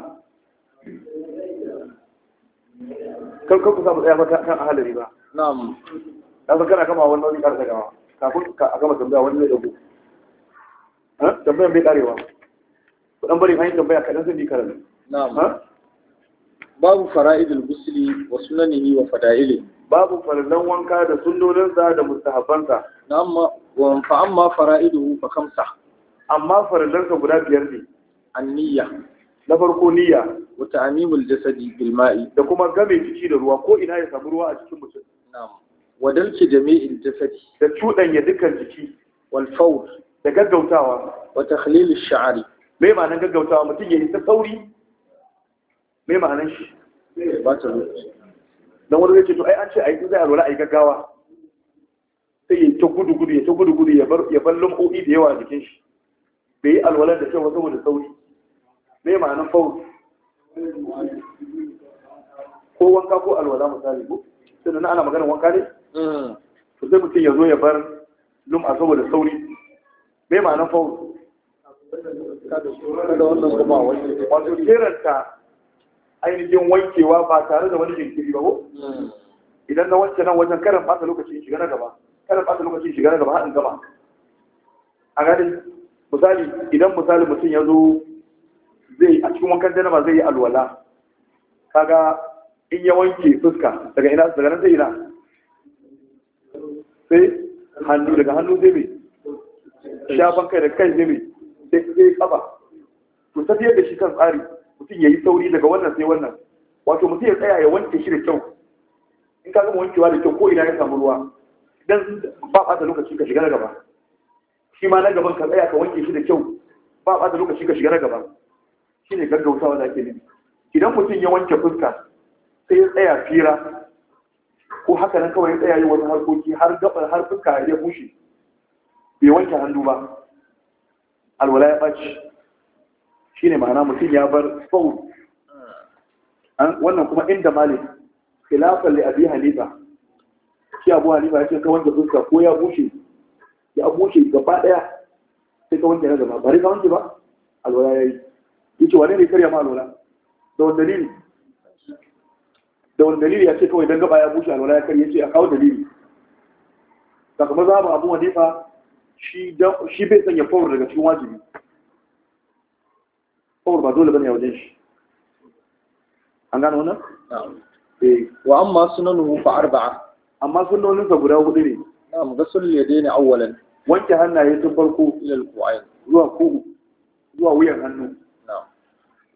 kan kan ku samu tsaya maka kan ahalari ba na'am Na san kana kama wani nauyi karka gama kafin ka gama tambaya wani mai dago ha tambayan bai karewa ku dan bari hanyar tambaya kadan zan bi karatu na'am Ha? babu fara'idul gusli wa sunanihi wa fada'ili babu farallan wanka da sunnoninsa da mustahabbansa amma fa amma fara'idu ba kamsa amma farallansa guda biyar ne anniya na farko niyya wa ta'mimul jasadi bil ma'i da kuma game jiki da ruwa ko ina ya samu ruwa a cikin mutum na'am wa dalki jami'il jasadi da ya dukkan jiki wal fawr da gaggautawa wa takhlil ash-sha'ri me ma'anar gaggautawa mutum ya yi ta sauri me ma'anar shi ba ta ruwa dan wani zai ce to ai an ce ai zai alwala ai gaggawa sai ya ta gudu gudu ya ta gudu gudu ya bar lum'o'i da yawa a jikin shi bai yi alwalar da kyau saboda sauri Mai ma'anin faul ko wanka ko alwala misali ko tunda na ana maganar wanka ne mm. to sai mutum ya zo ya bar lum a saboda sauri Mai ma'anin faul wato jeranta ainihin wankewa ba tare da wani jinkiri ba ko mm. idan na wanke nan wajen karan fata lokacin shiga na gaba karan fata lokacin shiga na gaba haɗin gaba a ganin misali idan misali mutum ya zo zai a cikin wankan janaba zai yi alwala kaga in ya wanke fuska daga ina daga nan zai ina sai hannu daga hannu zai mai shafan kai da kai zai mai sai zai kaba to fiye da shi kan tsari mutum ya yi sauri daga wannan sai wannan wato mutum ya tsaya ya wanke shi da kyau in ka gama wankewa da kyau ko ina ya samu ruwa dan ba da lokaci ka shiga na gaba shi ma na gaban ka tsaya ka wanke shi da kyau ba da lokaci ka shiga na gaba shi ne gaggautawa da ake nufi idan mutum ya wanke fuska sai ya tsaya fira ko haka nan kawai ya tsaya yi wani harkoki har gabar har fuska ya bushe bai wanke hannu ba alwala ya ɓaci shi ne ma'ana mutum ya bar sau wannan kuma inda malik khilafan li abi halifa shi abu halifa ya ce ka wanke fuska ko ya bushe ya bushe gaba ɗaya sai ka wanke na gaba bari ka wanke ba alwala ya yi yace wane ne karya ma lura da wani dalili da wani dalili ya ce kawai don gaba ya bushe alwala ya karye ce a kawo dalili kuma za mu abu wani ba shi bai sanya fawar daga cikin wajibi fawar ba dole ne a wajen shi an gano wannan eh, wa an amma sunanuhu fa arba'a amma sunaninsa guda hudu ne na'am ghusl daina awwalan wanke hannaye tun farko ilal al zuwa kugu zuwa wuyan hannu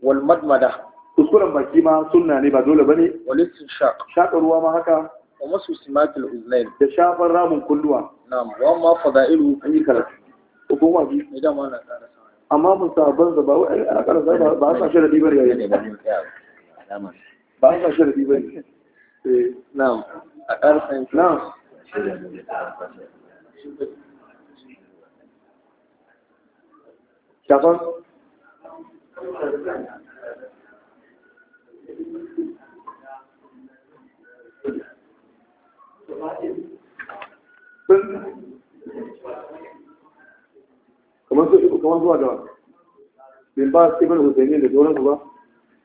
والمدمدة تذكر المكيمة سنة نبا دولة بني والاستنشاق شاق الرواة ما هكا ومسو سمات الأذنين تشاق الرام كلها نعم وما فضائله أي كلام وكما في إذا إيه ما نتعرف أما من صاحبان زباو أنا كان زباو بعض عشرة دي بري بعض عشرة دي بري نعم أعرف نعم. أنت kamar su shi kamar zuwa da bin ba su ibn husaini da sauransu ba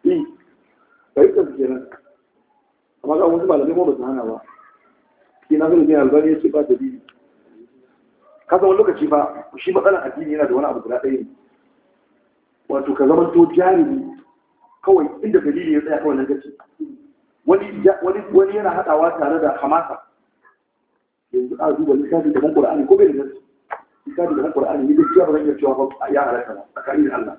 yi bai kan kenan amma ga wasu malamai ko ba su hana ba shi na zai bin albani ya ce ba dalili ka san wani lokaci ba shi matsalar addini yana da wani abu da ɗaya ne wato ka zama to jarumi kawai inda dalili ya tsaya kawai nan gaci wani yana haɗawa tare da hamasa yanzu a duba littafin da qur'ani ko bai da nasu littafin da qur'ani ne gaskiya ba zan iya cewa ba ya halaka ba tsakanin Allah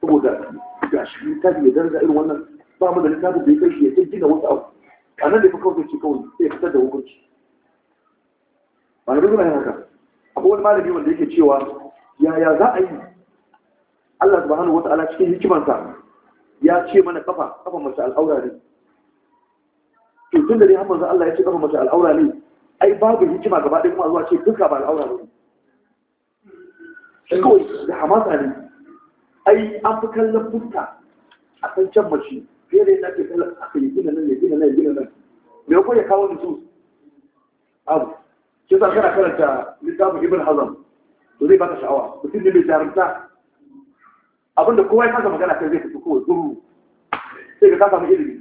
saboda ga shi littafin ya daraja irin wannan ba mu da littafin da ya kai shi ya gina wasu abu a nan da ya fi kawai ce kawai sai ya fitar da hukunci Ba malamai suna yin haka akwai wani malami wanda yake cewa yaya za a yi Allah subhanahu wa ta'ala cikin hikimansa ya ce mana kafa kafa mace al'aura ne to tun da dai har manzo Allah ya ce kafa mace al'aura ne ai babu hikima gaba ɗaya kuma zuwa ce duka ba al'aura ne shi kawai da hamasa ne ai an fi kallon fuska a kan can mace fiye da yadda ake kallon a kan gina nan ya gina nan ya gina nan me ko ya kawo mutum abu shi sa kana karanta littafin ibn hazam to zai baka sha'awa mutum ne mai jarumta abinda kowa ya kasa magana kai zai tafi kowai zuru sai ka kasa mai ilimi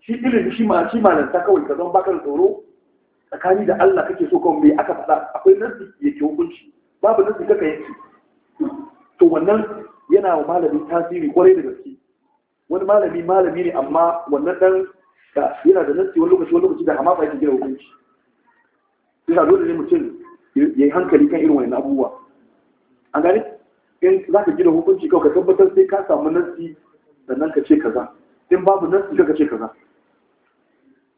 shi ilimi shi ma shi malanta kawai ka zama baka da tsoro tsakani da Allah kake so kawai me aka faɗa akwai nasi ke hukunci babu nasi kaka yanki. to wannan yana wa malamin tasiri kwarai da gaske wani malami malami ne amma wannan dan da yana da nasi wani lokaci wani lokaci da hamafa yake gina hukunci yana dole ne mutum ya yi hankali kan irin wannan abubuwa an gane in za ka gina hukunci kawai ka tabbatar sai ka samu nassi sannan ka ce kaza in babu nassi ka ce kaza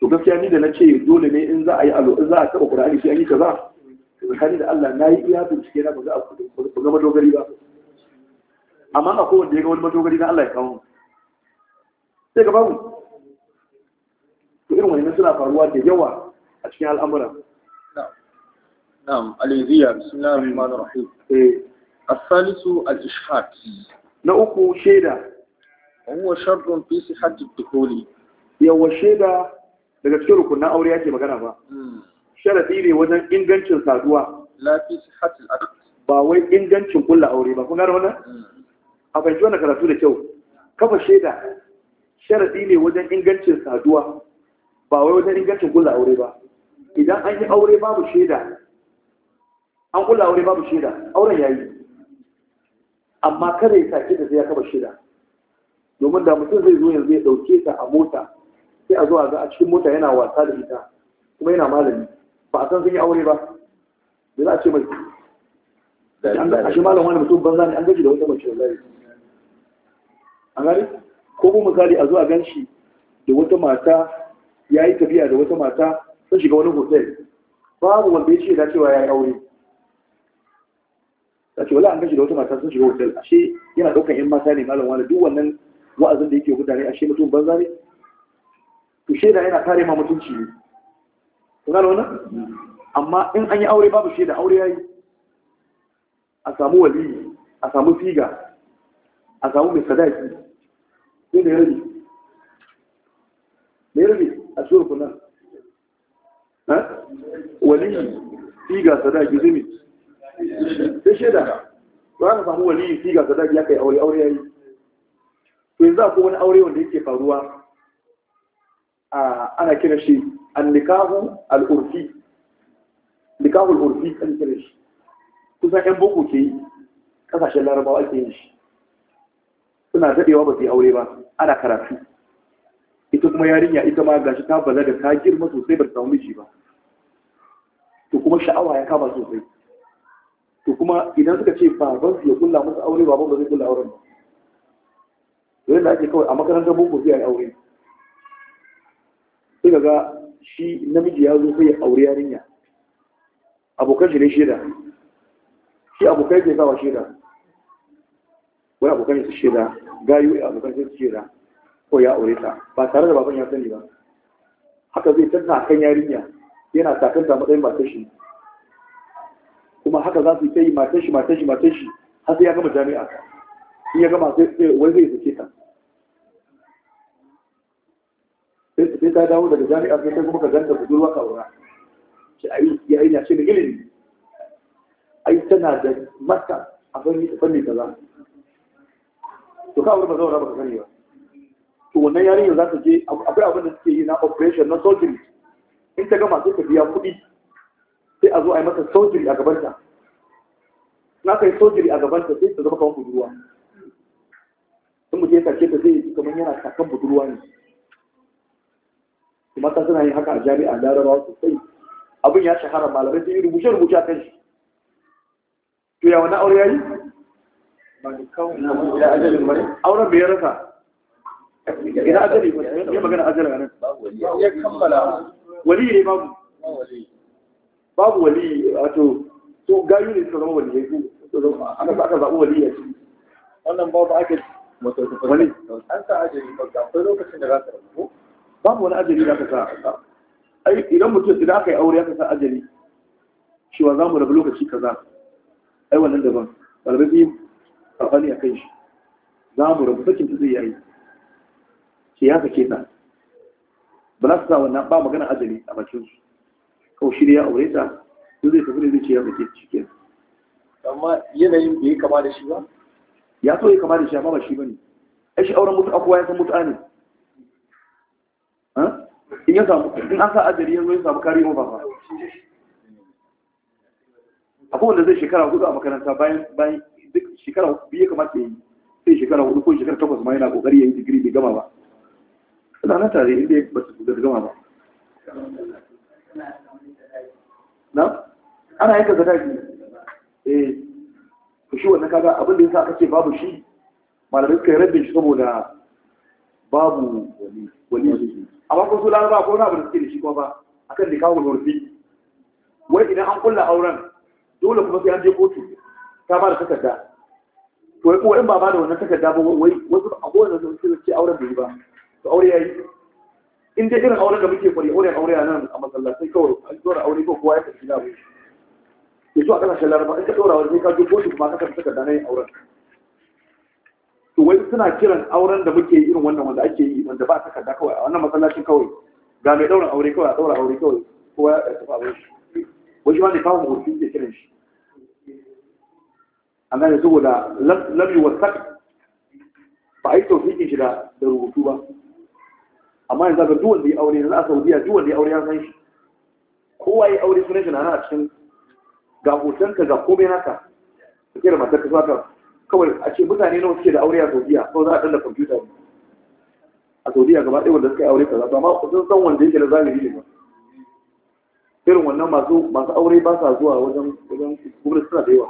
to gaskiya ni da na ce dole ne in za a yi alo in za a taɓa ake sai an yi kaza tsakani da Allah na yi iya bincike na ba za a ga madogari ba amma akwai wanda ya ga wani madogari na Allah ya kawo sai ka babu to irin wani suna faruwa da yawa a cikin al'amuran. na'am aliziya bismillahir rahmanir rahim eh. asalisu al-ishhad na uku shaida huwa shartun fi sihhati ad-dukhuli yawa shaida daga cikin rukunan aure yake magana ba hmm. sharadi ne wajen ingancin saduwa al-aqd ba wai ingancin kulla aure ba kun gano wannan hmm. a fahimci wannan karatu da kyau kafa shaida sharadi ne wajen ingancin saduwa ba wai wajen ingancin kulla aure ba idan an yi aure babu shaida an kulla aure auren yayi amma kada ya sake da sai ya kaba shida domin da mutum zai zo yanzu ya dauke ta a mota sai a zo a ga a cikin mota yana wasa da ita kuma yana malami ba a san sun yi aure ba da za a ce mai a shi malam wani mutum banza ne an gaji da wata mace wallahi an gani ko kuma misali a zo a gan shi da wata mata ya yi tafiya da wata mata sun shiga wani hotel babu wanda ya ce da cewa ya yi aure ta ce wala an kashi da wata mata sun shiga hotel ashe yana ɗaukan yan mata ne malam wani duk wannan wa'azin da yake mutane ashe mutum banza ne to shaida yana kare ma mutunci ne kun gano wannan amma in an yi aure babu shaida aure yayi. a samu wali a samu figa, a samu mai sadaki sai da yari mai yari a cikin kunan eh? wali figa, sadaki zai sai shaida ba ka samu waliyi fi ga sadaki ya kai aure aure yi. to yanzu akwai wani aure wanda yake faruwa ana kira shi annikahu al-urfi nikahu al kan kira shi kusan yan boko ke yi kasashen larabawa ake yin shi suna daɗewa ba su yi aure ba ana karatu ita kuma yarinya ita ma gashi ta da ta girma sosai ba ta samu miji ba to kuma sha'awa ya kama sosai to kuma idan suka ce baban su ya kulla musu aure baban ba zai kulla auren ba yadda ake kawai a makarantar boko zai a yi aure sai ga shi namiji ya zo sai ya aure yarinya abokan shi ne shaida shi abokai ke sawa shaida wai abokan shi su shaida gayu abokan shi sheda shaida ko ya aure ta ba tare da baban ya sani ba haka zai tattaka kan yarinya yana takanta matsayin ta shi kuma haka za su yi tayi matan shi matan shi matan shi har sai ya gama jami'a in ya gama sai wai zai sake ta sai ta dawo daga jami'a sai ta kuma ka ganta budurwa ka aura shi yi ya yi ce da ilimi ai tana da mata a fanni fanni kaza to ka aure ba zaura ba ka sani ba to wannan yarinyar za ta je akwai abin da suke yi na operation na surgery in ta gama sai ta biya kuɗi sai a zo a yi masa sojiri a gabanta na kai sojiri a gabanta sai ta zama kamar budurwa in mutum ya sace ta zai yi kamar yana sakan budurwa ne ta suna yin haka a jami'a larabawa sosai abin ya shahara malamai sun yi rubuce rubuce a kan shi to ya wani aure ya yi auren bai rasa ina ajali ne magana ajali nan wali ne babu babu wali wato to gayu ne suka zama yi ko aka zaɓi wali ya ciki wannan babu ake wani an sa ajiri ba akwai lokacin da za ka rabu babu wani ajiri da ka sa ai idan mutum idan aka yi aure aka sa ajali cewa za mu rabu lokaci kaza ai wannan daban ɗalibai biyu kafani a kan shi za mu rabu sakin ta zai yayi ke ya sake ta ba za su sa wannan ba magana ajiri a bakin su shi ne ya aure ta su zai tafi da zai ce ya sake cikin amma yanayin bai kama da shi ba ya so ya kama da shi amma ba shi ba ne ai shi auren mutu akwai ya san mutu ne in ya samu in an sa ajiyar ya ya samu kariya ba ba akwai wanda zai shekara hudu a makaranta bayan bayan duk shekara biyu kamata ya yi sai shekara hudu ko shekara takwas ma yana kokari ya yi digiri bai gama ba suna na tare inda ba su gama ba na ana yanka sadaki eh ku shi wannan kaga abin da yasa kake babu shi malamai suka yi shi saboda babu wani. amma ko su laraba ko abu da suke da shi ko ba akan nikahul urfi wai idan an kulla auren dole kuma sai an je kotu ta ba da takarda to wai ko in ba ba da wannan takarda ba wai wasu a kowane sun ce auren bai ba to aure yayi in dai irin auren da muke kwari auren aure a nan a masallatai kawai an dora aure ko kowa ya tafi gida bai ya zuwa kasashen laraba in ka dora wani ka je shi kuma ka tafi takarda na yin auren to wai suna kiran auren da muke irin wannan wanda ake yi wanda ba takarda kawai a wannan masallacin kawai ga mai daura aure kawai a daura aure kawai kowa ya tafi abin shi wai shi ma ne kawo mutum ke kiran shi an gane saboda lafi wasa ba a yi tausikin shi da rubutu ba amma yanzu ga duwan da ya aure na a saudiya duwan da ya aure ya san shi kowa ya aure sunan shi na a cikin ga hotonka ga komai naka ka kira matar ka saka kawai a ce mutane nawa suke da aure a saudiya kawai za a ɗan da kwamfuta ne a saudiya gaba ɗaya wanda suka yi aure kaza to amma sun san wanda yake da zahiri ne ba irin wannan masu masu aure ba sa zuwa wajen wajen gwamnati suna da yawa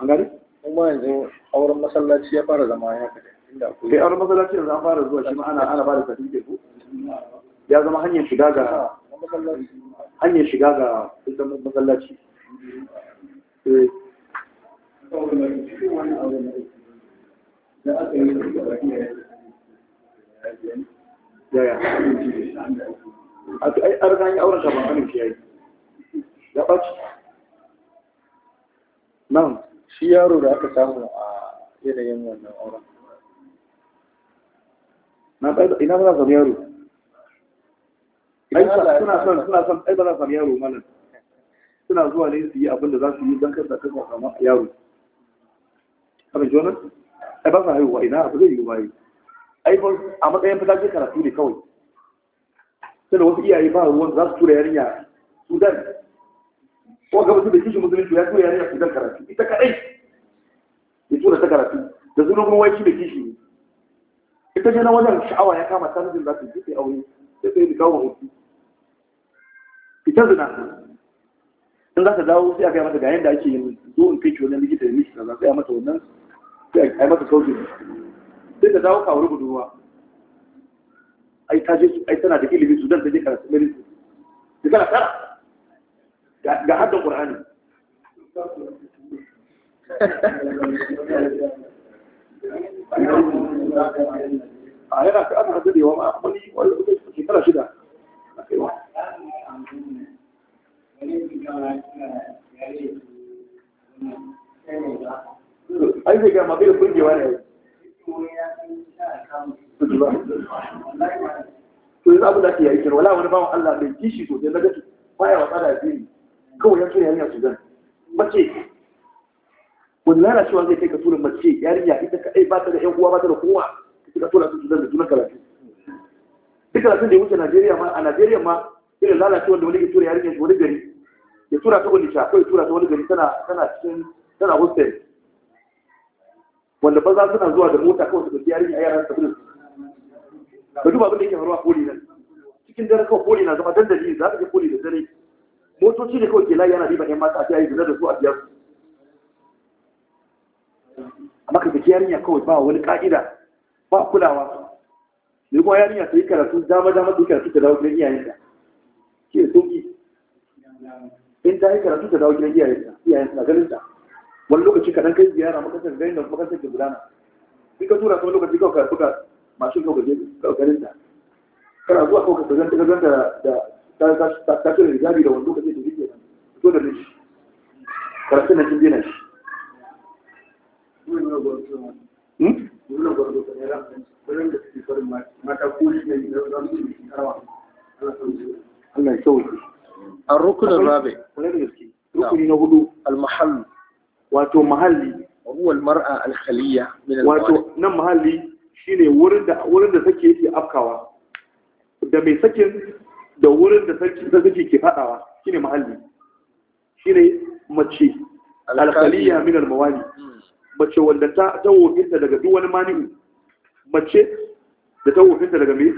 an gani kuma yanzu auren masallaci ya fara zama ya kaɗai kai auren masallaci yanzu an fara zuwa shi ma ana ana ba da certificate ko ya zama hanyar shiga ga hanyar shiga ga kusan masallaci yaya a ta ai an yi auren shaban hannun shi ya yi ya ɓaci nan shi yaro da aka samu a yanayin wannan auren ina ba za samu yaro suna son suna son ai ba za samu yaro malam suna zuwa ne su yi abin da za su yi don kansa kansa samu yaro abin jonas ai ba sa haihuwa ina abu zai yi yi. ai ba a matsayin fita ce karatu ne kawai sai da wasu iyaye ba ruwan za su tura yarinya sudan ko ga wasu da kishin musulunci ya tura yarinya sudan karatu ita kaɗai. ya tura ta karatu da sunan ruwan shi da kishin. ta je na wajen sha'awa ya kama ta mijin za ta ji aure sai sai da kawo hutu fita zina in za ta dawo sai a kai mata ga yadda ake yin zo in kai wajen likita da mishina za ta a mata wannan sai a yi mata sauki sai ta dawo kawo rubutu ruwa ai ta je ai tana da ilimi sudan ta je karatu su da kana tara ga haddan ƙur'ani. Thank you. a yana ka ana dadewa ma wani wani shekara shida a kaiwa ai zai gama bai burgewa ne to yanzu abin da ke yi wala wani bawan Allah mai kishi sosai na gaci baya wasa da asiri kawai ya tura yarinya Sudan mace wani lalacewa zai kai ka tura mace yarinya ita kaɗai ba ta da ƴan uwa ba ta da kowa ka tura su da karatu duk karatun da ya wuce najeriya ma a najeriya ma irin da wani ke tura wani gari ya tura ta wani ya tura ta wani gari tana cikin tana hostel wanda suna zuwa da mota kawai a yaran sabbin ka duba abin da yake faruwa koli nan cikin dare kawai koli na zama dandali za ka je koli da dare motoci ne kawai ke layi yana riban yan mata a yi da su a biyar amma ka yarinya kawai ba wani ka'ida ba kulawa ne kuma yarinya ta yi karatu dama dama ta yi karatu ta dawo gidan iyayenta shi da sauki in ta yi karatu ta dawo gidan iyayenta iyayenta na ganin ta wani lokaci kaɗan kai ziyara makasar gani da makasar da gudana in ka tura ta lokaci kawai ka buga mashin kawai gaje ka ganin ta kana zuwa kawai ka zanta ka zanta da ta ta tura rigabi da wani lokaci da rike so da shi karatu na kin dena shi hmm? nuna gwargwado ne da ne Allah ya الركن الرابع المحل واتو محلي هو المرأة الخلية من المرأة واتو نم محلي shine wurin da wurin da afkawa da mai sakin da wurin da sake da ke fadawa shine mahalli shine mace min mace wanda ta tawofinta wofinta daga duk wani mani'u mace da ta wofinta daga me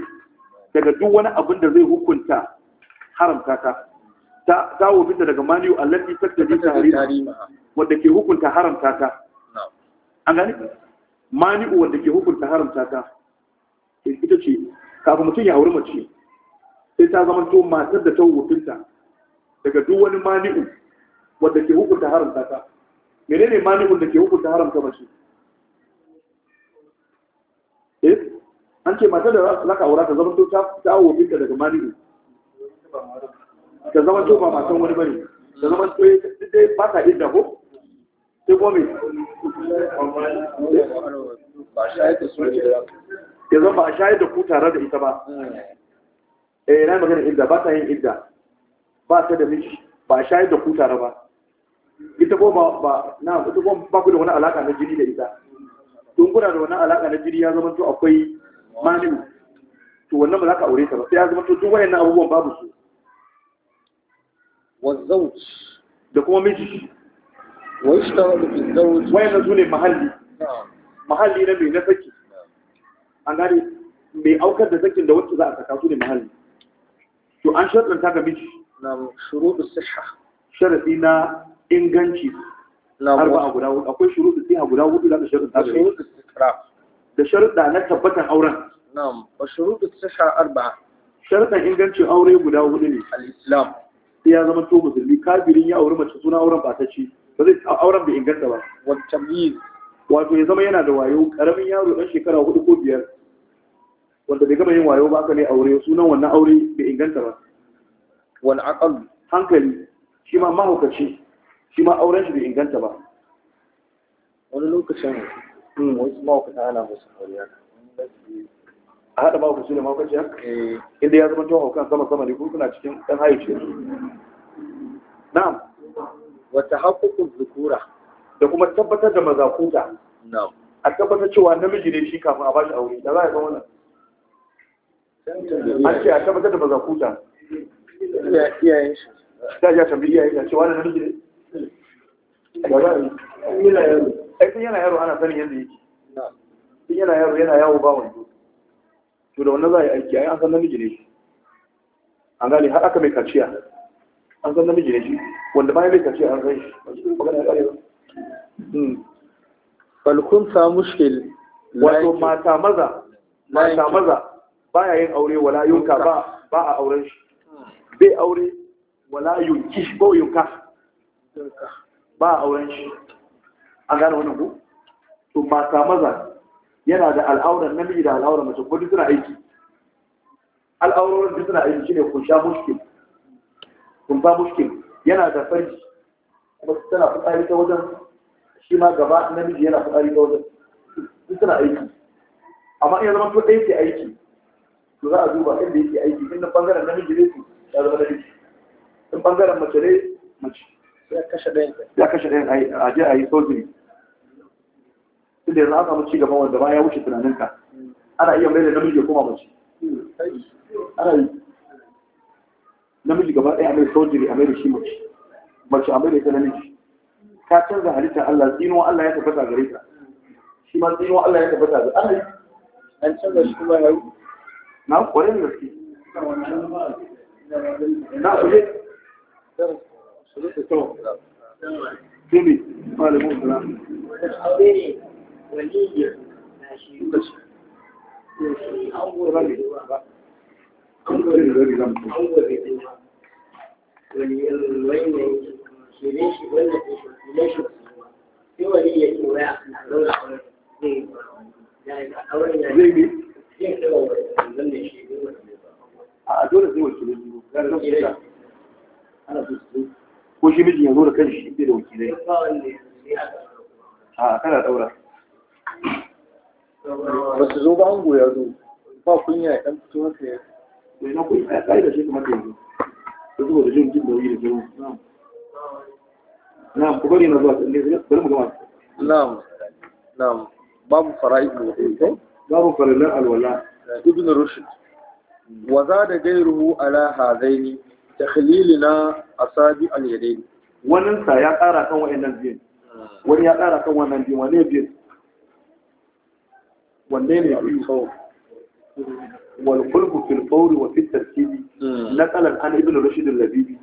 daga duk wani abin da zai hukunta haramta ta ta wofinta daga mani'u allati taktabi tahrima wanda ke hukunta haramta ta an gani mani'u wanda ke hukunta haramta ta eh, ita ce kafin mutum ya auri mace sai ta zama to matar da ta wofinta daga duk wani mani'u wanda ke hukunta haramta ta menene mani'un da ke hukunta haramta mace eh an ce matar da za ka aura ta zama to ta awo binta daga mani'u ta zama to ba matan wani bane ta zama to dai ba ta inda ko sai kuma me ba ya zama ba a shayar da ku tare da ita ba eh na magana inda ba ta yin inda ba ta da miji ba a shayar da ku tare ba ita ko ba na ita ko ba ku da wani alaka na jiri da ita don kuna da wani alaka na jiri ya zama to akwai malimu to wannan ba za ka aure ta ba sai ya zama to duk wayannan abubuwan babu su wa zawj da kuma miji wa yashtaru bi zawj wayannan sune mahalli mahalli na mai na saki an gane mai aukar da sakin da wacce za a saka su ne mahalli to an shartanta ga miji na da sihha sharadi na inganci arba'a guda hudu akwai shuruɗu sai a guda hudu da sharuɗa da shuruɗu da sharuɗa na tabbatar auren na'am wa shuruɗu sihha arba'a sharuɗan ingancin aure guda hudu ne al-islam sai ya zama to musulmi kafirin ya auri mace suna auren ba ta ci ba zai auren bai inganta ba wa tamyiz wato ya zama yana da wayo karamin yaro dan shekara hudu ko biyar wanda bai gama yin wayo ba aka ne aure sunan wannan aure bai inganta ba wal aqal hankali shi ma mahaukaci shi ma auren shi bai inganta ba wani lokacin hmm. wasu mawakata ana musu aure a haɗa mawakaci da mawakaciya eh. inda ya zama tuwa haukan sama sama ne ko kuna cikin ɗan ce na'am wata haƙuƙin zukura da kuma tabbatar da mazakuta a tabbatar cewa namiji ne shi kafin a bashi aure da za a ga wannan an ce a tabbatar da mazakuta iyayen shi ta ya tambayi iyayen shi wani namiji ne ai tun yana yaro ana sanin yadda yake tun yana yaro yana yawo ba wando to da wannan za a yi aiki a yi an san namiji ne shi an gane har aka mai kaciya an san namiji ne shi wanda bayan mai kaciya an san shi magana ya falkun hmm. sa mushkil wato mata maza mata maza baya yin aure wala yunka ba ba a auren shi bai aure wala yunki ba yunka ba a auren shi a gane wani ku to mata maza yana da al'auran namiji da al'auran mace ko duk suna aiki al'aurorin duk suna aiki shine kun sha mushkil kun ba mushkil yana da farji kuma tana fitsari ta wajen shi ma gaba namiji yana fitsari ta wajen duk suna aiki amma in zama to ɗaya ke aiki to za a duba inda yake aiki in na bangaren namiji ne to ya zama namiji in bangaren mace ne mace ya kashe ɗayan a je a yi sojiri tunda yanzu an samu ci gaban wanda ba ya wuce tunaninka ana iya mai da namiji ya koma mace ana yi namiji gaba ɗaya a mai sojiri a mai da shi mace mace a mai da ita namiji ka canza halittar Allah tsinuwa Allah ya tabbata gare ka shi ma tsinuwa Allah ya tabbata ga ana yi an canza shi kuma ya yi na kwarin gaske na kuje Kimi, malamin kula. Aure waliyyar An wani na A Ana su ko shi mijin ya zo da kanshi shi da wakilai a kana daura ba su zo ba an goya zo ba kunya ya dan fito haka ya bai na kunya ya kai da shi kamar yanzu da zuwa da jin jin da wuri da jiru na ku bari na zuwa tsalle bari mu gama na'am na'am babu fara'idu eh, babu farilan alwala ibn rushd wa da ghayruhu ala hadaini takhlilina asabi al-yadayn wannan sa ya ƙara kan wayannan biyan wani ya ƙara kan wannan biyan wane biyan wanne ne biyu wal qulbu fil fawr wa fi tarkibi hmm. naqalan an ibn rashid al-labibi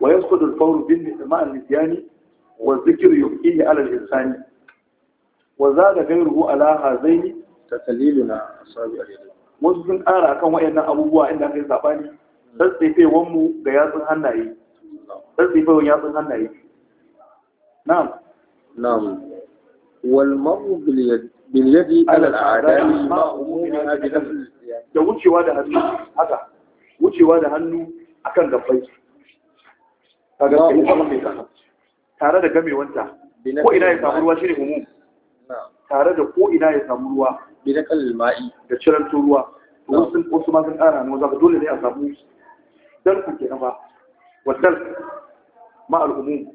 wa yasqud al-fawr bin ma al-nisyan wa dhikr yuqihi ala al-insan wa zada ghayruhu ala hazaini taklilina asabi al-yadayn wasu sun ƙara kan wayannan abubuwa inda aka kai sabani tsatsefewan mu ga yatsun hannaye tsatsefewan yatsun hannaye na'am na'am wal bil yadi ala ma bi da wucewa da hannu haka wucewa da hannu akan gabbai kuma mai tare da gamewanta ko ina ya samu ruwa shine umum tare da ko ina ya samu ruwa bi da kalma'i da ruwa wasu ma sun kara ne wanda dole ne a samu dalku ke ba wa dalku ma al'umum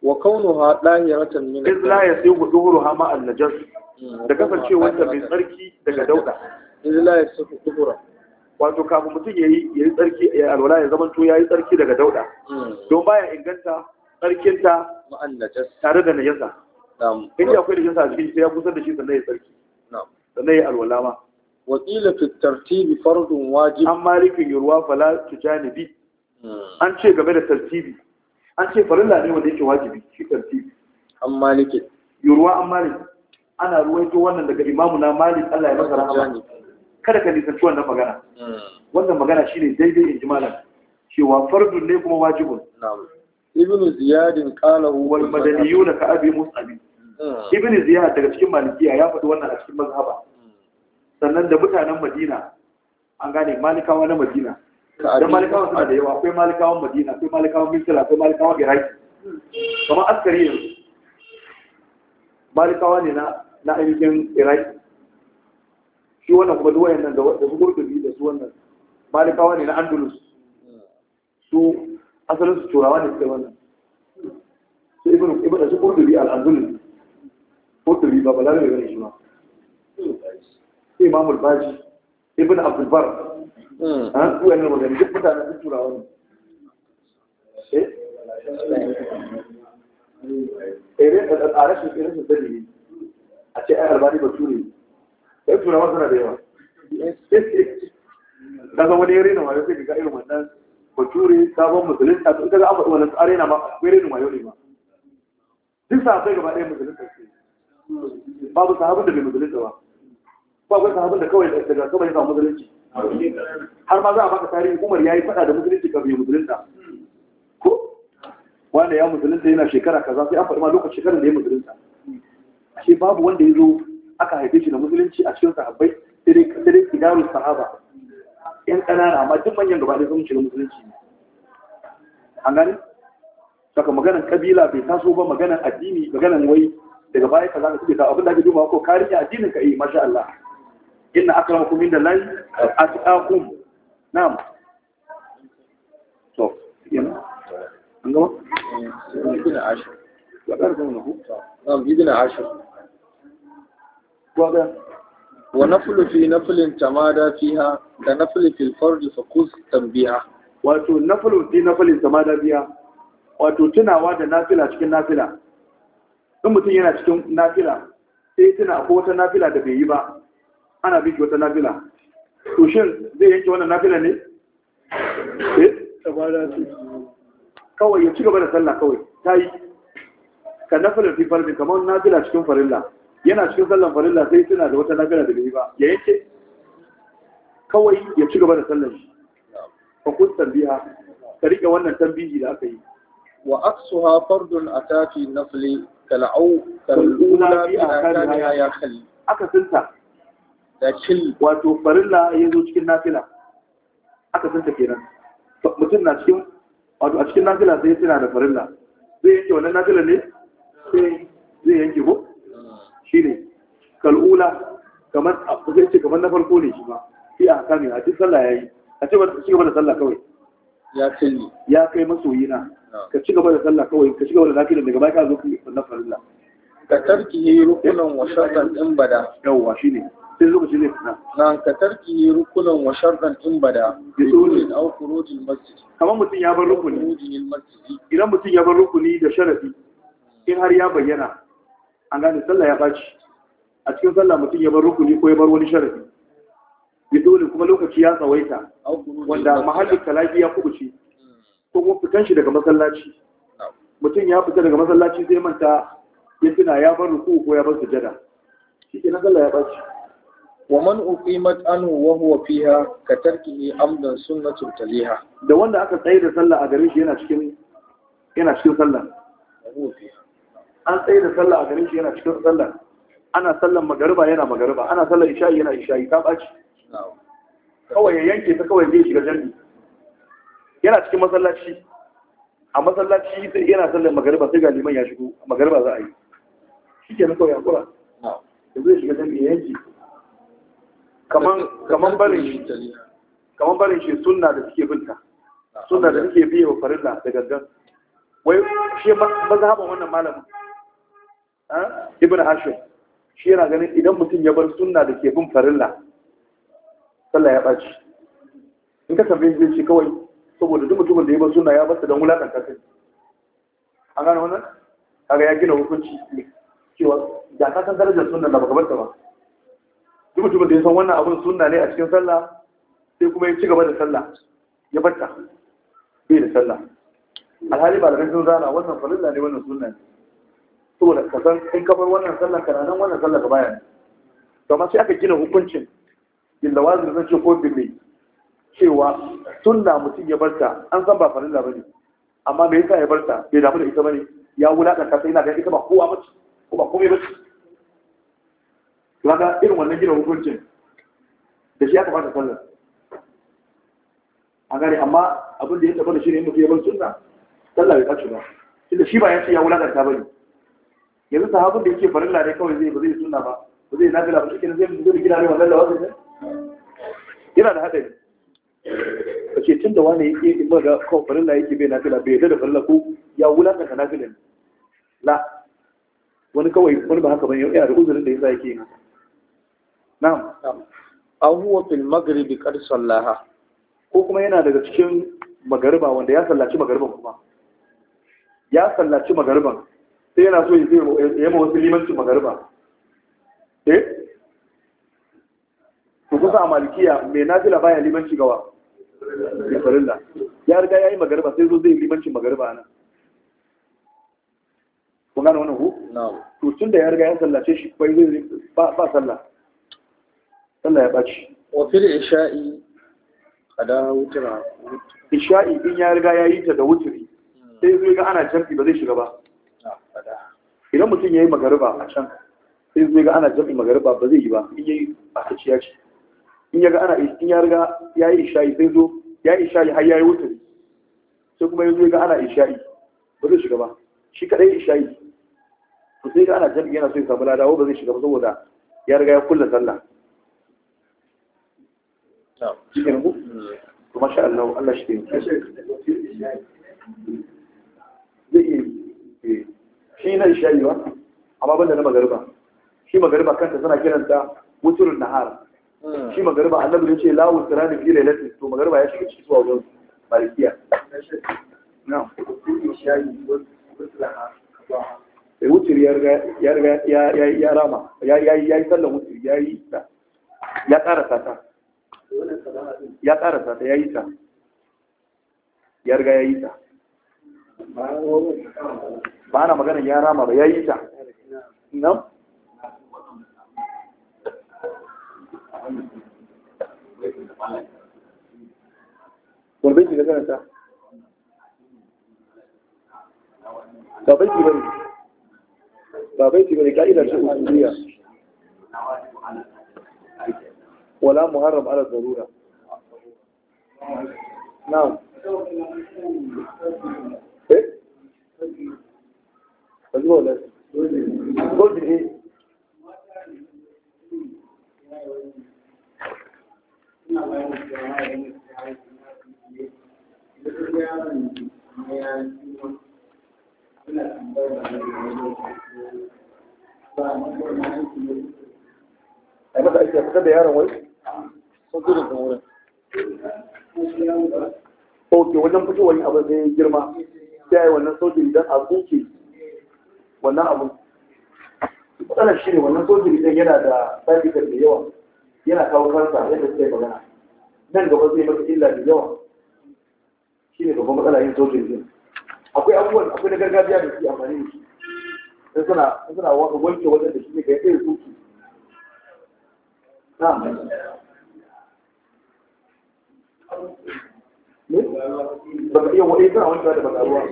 wa kaunuha dahiratan min iz la yasibu ha ma al-najas hmm, da kasance wanda mai tsarki daga dauda iz la yasibu duhura wato kafin mutum yayi yayi tsarki ya alwala ya zaman to yayi tsarki daga dauda hmm. don baya inganta tsarkinta ma al-najas tare da najasa in akwai jinsa a cikin sai ya kusa da shi sannan ya tsarki sannan ya alwala ma wakila fi tartibi fardun wajib an malikin yurwa fala tujanibi an ce game da tartibi an ce farilla ne wanda yake wajibi shi tartibi an malikin yurwa an malik ana ruwaito wannan daga imamu na malik Allah ya masa rahama kada ka nisanci wannan magana wannan magana shine daidai in ji malam cewa fardun ne kuma wajibun ibn ziyadin qalahu wal madaniyuna ka abi mus'ab ibn ziyad daga cikin malikiya ya faɗi wannan a cikin mazhaba sannan da mutanen madina an gane malikawa na madina da malikawa suna da yawa akwai malikawan madina akwai malikawan misira akwai malikawan iraki kamar askari yanzu malikawa ne na ainihin iraki shi wannan kuma duk wayannan da su gurgurbi da su wannan malikawa ne na andalus su asalin su turawa ne suka wannan su ibn ibn su gurgurbi al-andalus gurgurbi ba ne bane shi ma imamul baji ibn abdulbar hmm. an su yanar magana duk mutanen duk turawa ne eh? a rashin irin su dalili a ce ai albani ba ture ya turawa suna da yawa Da kaga wani ya rena wayo sai ga irin wannan bature sabon musulunta to kaga an faɗi wannan tsare na ma akwai rena wayo ne ma duk sa sai gaba ɗaya musulunta ce babu sahabin da bai musulunta ba ko akwai sahabin da kawai daga sama ya samu musulunci har ma za a baka tarihi umar ya yi faɗa da musulunci kafin ya musulunta ko wanda ya musulunta yana shekara kaza sai an faɗi ma lokacin shekarar da ya musulunta ashe babu wanda ya zo aka haife shi da musulunci a cikin sahabbai sai dai kidarun sahaba yan ƙanana amma duk manyan gaba ɗaya sun shiga musulunci ne an gani saka maganar kabila bai taso ba maganar addini maganar wai daga baya kaza ka kuke ta abin da ake duba ko kariya addinin ka yi eh, masha Allah inna akramakum inda lahi atqakum na'am to yana an gaba ibn ashir wa da nahu na'am ashir da wa naflu fi wato naflu fi naflin tamada fiha wato tunawa da nafila cikin nafila in mutum yana cikin nafila sai tuna akwai wata nafila da bai yi ba ana ki wata nafila to shin zai yanke wannan nafila ne eh? kawai ya ci gaba da sallah kawai ta yi ka nafila fi farin kamar nafila cikin farilla yana cikin sallan farilla sai suna da wata nafila da bai ba ya yanke kawai ya ci gaba da sallan shi fa kun tambiya ka rike wannan tambihi da aka yi wa aksuha fardun atafi nafli kal'au kal'ula bi akaniha ya khalli aka sinta cin wato farilla ya zo cikin nafila aka ta kenan mutum na cikin wato a cikin nafila sai tana da farilla zai yanke wannan nafila ne sai zai yanke ko shi ne kal'ula kamar a kusa ce kamar na farko ne shi ba sai a kame a duk sallah ya yi a ce wata ci gaba da sallah kawai ya kai ya kai masoyina ka ci gaba da sallah kawai ka ci gaba da nafila daga baya ka zo ka wannan farilla ka tarki rukunan wa shartan din bada yawwa ne. sai lokaci ne fita na ka tarki rukunan wa sharɗan in bada bi dole au khurujil masjid kamar mutum ya bar rukuni idan mutum ya bar rukuni da sharafi in har ya bayyana an gane sallah ya baci a cikin sallah mutum ya bar rukuni ko ya bar wani sharafi bi dole kuma lokaci ya tsawaita wanda mahallin talaki ya kubuce hmm. ko kuma fitan shi daga masallaci mutum ya fita daga masallaci zai manta ya tuna ya bar ruku ko ya bar sujada shi ke na sallah ya baci ومن أقيمت عنه وهو فيها كتركه عمدا سنة تليها da wanda aka tsaye da sallah a garin shi yana cikin sallah an sallah a garin shi yana cikin ana sallan magariba yana yana isha'i ta baci kawai ya yanke ta kawai zai shiga jami'i yana cikin masallaci a masallaci yana sallan magariba sai ga ya shigo magariba za a yi shi ke na kawai hakura yanzu ya shiga jami'i ya yanke kaman barin shi suna da suke binta suna da suke biye wa farilla da gangan wai shi haɓa wannan malamin eh, ibn hashim shi yana ganin idan mutum ya bar suna da ke bin farilla sallah ya ɓaci in ka tambaye zai ce kawai saboda duk mutumin da ya bar suna ya bar ta don wulaƙanta kasai an gane wannan kaga ya gina hukunci cewa da ka san darajar suna da baka bar ta ba duk mutumin da ya san wannan abin sunna ne a cikin sallah sai kuma ya ci gaba da sallah ya batta bai da sallah alhali ba da sun zana wannan falilla ne wannan sunna ne saboda da kasan in kafar wannan sallah kana nan wannan sallah ka baya ne to amma sai aka gina hukuncin illa wazir zan ce ko bille cewa sunna mutum ya barta an san ba falilla bane amma me yasa ya barta bai damu da ita bane ya wulaka ta sai ina ga ita ba kowa bace ko ba komai bace kaga irin wannan gina hukuncin da shi aka fata sallar a gane amma abin da ya taɓa da shi ne mutu ya bar sunna sallah bai ɓace ba inda shi ba ya ce ya wulakanta ba ne yanzu abin da yake farilla ne kawai zai ba zai sunna ba ba zai nafila ba shi zai da gina ne wannan lawa ne yana da haɗari kace tun da wani yake in ga kawai farilla yake bai nafila bai yarda da farilla ko ya wulakanta nafila ne la wani kawai wani ba haka ba yana da uzurin da ya yasa yake yin haka na'am an huwa fil maghribi qad sallaha ko kuma yana daga cikin magariba wanda ya sallaci magariban kuma ya sallaci magariban sai yana so ya yi wasu limanci magariba eh ku kusa a malikiya mai nafila baya limanci gawa ya ya riga ya yi magariba sai zo zai limancin magariba nan kun gane wani hu? to tun da ya riga ya sallace shi kwai zai ba sallah sallah ya ɓaci Wafir isha'i isha'i da wutura isha'i in ya riga ya yi ta da wuturi hmm. sai zai ga ana jam'i ba zai shiga ba ah, idan mutum ya yi magariba a can sai zai ga ana jam'i magariba ba zai yi ba in ya yi a ta ciya ce in ya ga ana in ya riga ya yi isha'i sai zo ya yi isha'i har ya yi wuturi sai kuma ya zo ga ana isha'i ba zai shiga ba shi kaɗai isha'i Ku sai ga ana jam'i yana so ya samu ladawa ba zai shiga ba saboda ya riga ya kulla sallah cikin ku Allah Allah shi ne zai eh. shi na ishayi ba amma banda na magariba shi magariba kanta tana kiranta wuturin nahar hmm. shi magariba annabi ya ce la wutura ni fi lailati to magariba ya shiga cikin zuwa zuwa malikiya na'am eh, wutur ya riga ya rama ya yi sallan wutur ya yi ya ƙara sata ya karasa ta ya yi ta ya riga ya yi ta ba na maganin ya rama ba ya yi ta nan ka'idar shi ولا مهرب على الضرورة نعم ايه ايه قلت ايه أي مثلا أنت تخدي يا رجل ok wajen fito wani abu zai girma ya yi wannan sojin idan a wannan abu matsalar shi ne wannan sojin idan yana da tsarikar da yawa yana kawo kansa yadda suka yi magana nan gaba zai mafi illa da yawa shi ne babban matsala yin sojin idan akwai abubuwan akwai na gargajiya da suke amfani da shi sai suna suna wanke wajen da shi ne ga yadda ya soke na'am ba ka iya waɗe kan wankewa da bagaruwa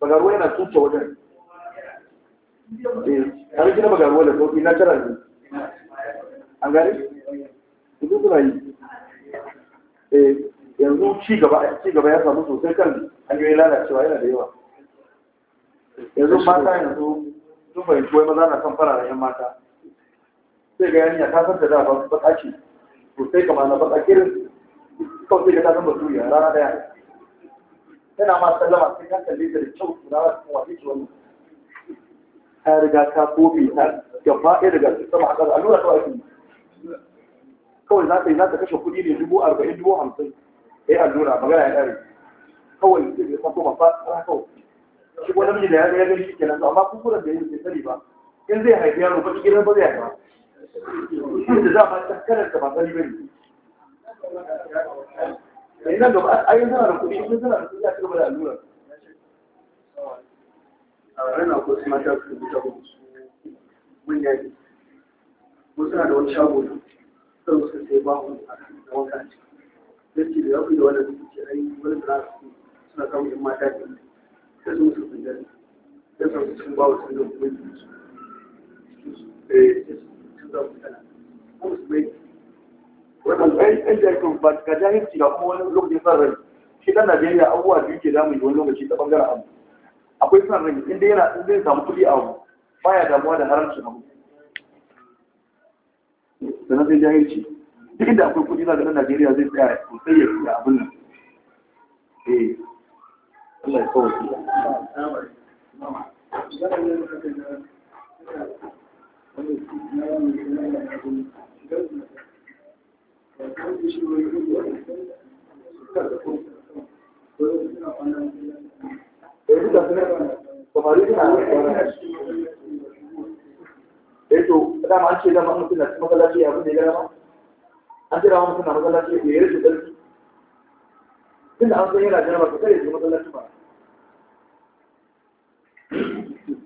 bagaruwa yana tuce wajen har na bagaruwa da sauƙi na tara ne an gane su suna yi yanzu ci gaba ya samu sosai kan hanyoyin lalacewa yana da yawa yanzu mata yanzu sun fahimci wai maza na kan fararen yan mata sai ga yanya ta san da da ba baka ce sosai kamar na baka kirin kawai sai ga ta zama duniya rana daya tana ma sallama sai ka kalle ta da kyau na wasu wasu ce wannan ta riga ta kofi ta gaba ɗaya daga sama a ƙasa allura kawai ake kawai za ta yi za ta kashe kuɗi ne dubu arba'in dubu hamsin ya yi allura magana ya ɗare kawai sai ya san kuma fara kawai shi ko namiji da ya ya gani shi kenan amma kukuran da ya yi sani ba in zai haifi yaro ba ƙirar ba zai haifa da za a ma karanta ba sani ba ne Eh, nan da ba ayin da da a cikin da allura a ko su mata su rubuta ko su manya ne ko suna da wani shago ne sun suka sai ba a kan wanka a ciki don da ya da suke ai wani su suna yin mata su musu sun gani su bawa sun da kuma yi su eh, su su ɗan jahilcin ba ga jahilci ga kuma wani lokacin san rai shi ɗan najeriya ke damun wani lokaci akwai san rai inda yana inda ya samu kuɗi a abu baya damuwa da haramcin abu sannan sai jahilci duk inda akwai kuɗi na ga ɗan najeriya zai tsaya sosai ya fi abin nan eh Allah ya kawo eh to dama an ce dama mutum na cikin masallaci abin da ya gara ma an ce dama mutum na masallaci ya yi rashin ƙarfi da an san yana jaraba ka kare shi masallaci ba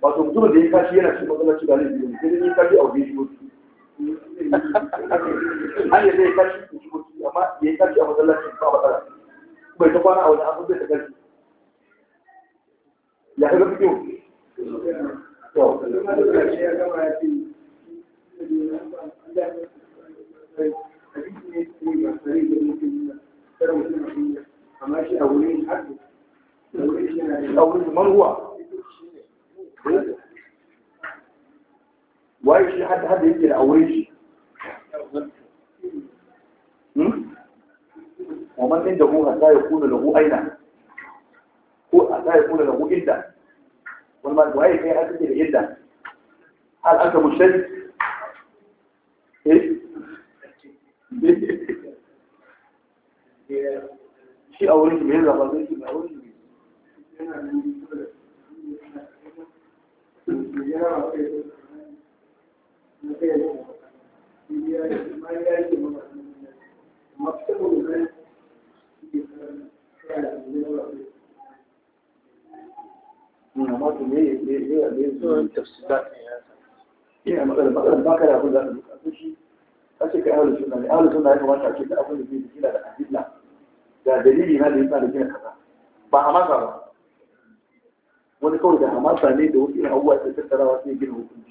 wato mutumin da ya kashi yana cikin masallaci ba ne biyu ne sai da ya kashi a wajen shi an yadda ya kashi da shi mutu amma ya yi kashi a masallacin ba matsala bai ta kwana a wani abin bai ta kashi ya kaga fi kyau a wurin man وايش حد حد يجي الاويجي ومن من دهو هتا يكون له اين هو هتا يكون له انت وما دعي هي حد يجي الانت هل انت مشتري ايه شيء اوريج من الرباطيه اوريج من الرباطيه ina magana magana ba ka da abin da aka buƙatu shi a ce kai ahalin sunna ne ahalin sunna ya kamata a ce da abin da ke jikina da adilla ga dalili na da yasa da gina kaza ba hamasa ba wani kawai da hamasa ne da wasu irin abubuwa da tattarawa sai gina hukunci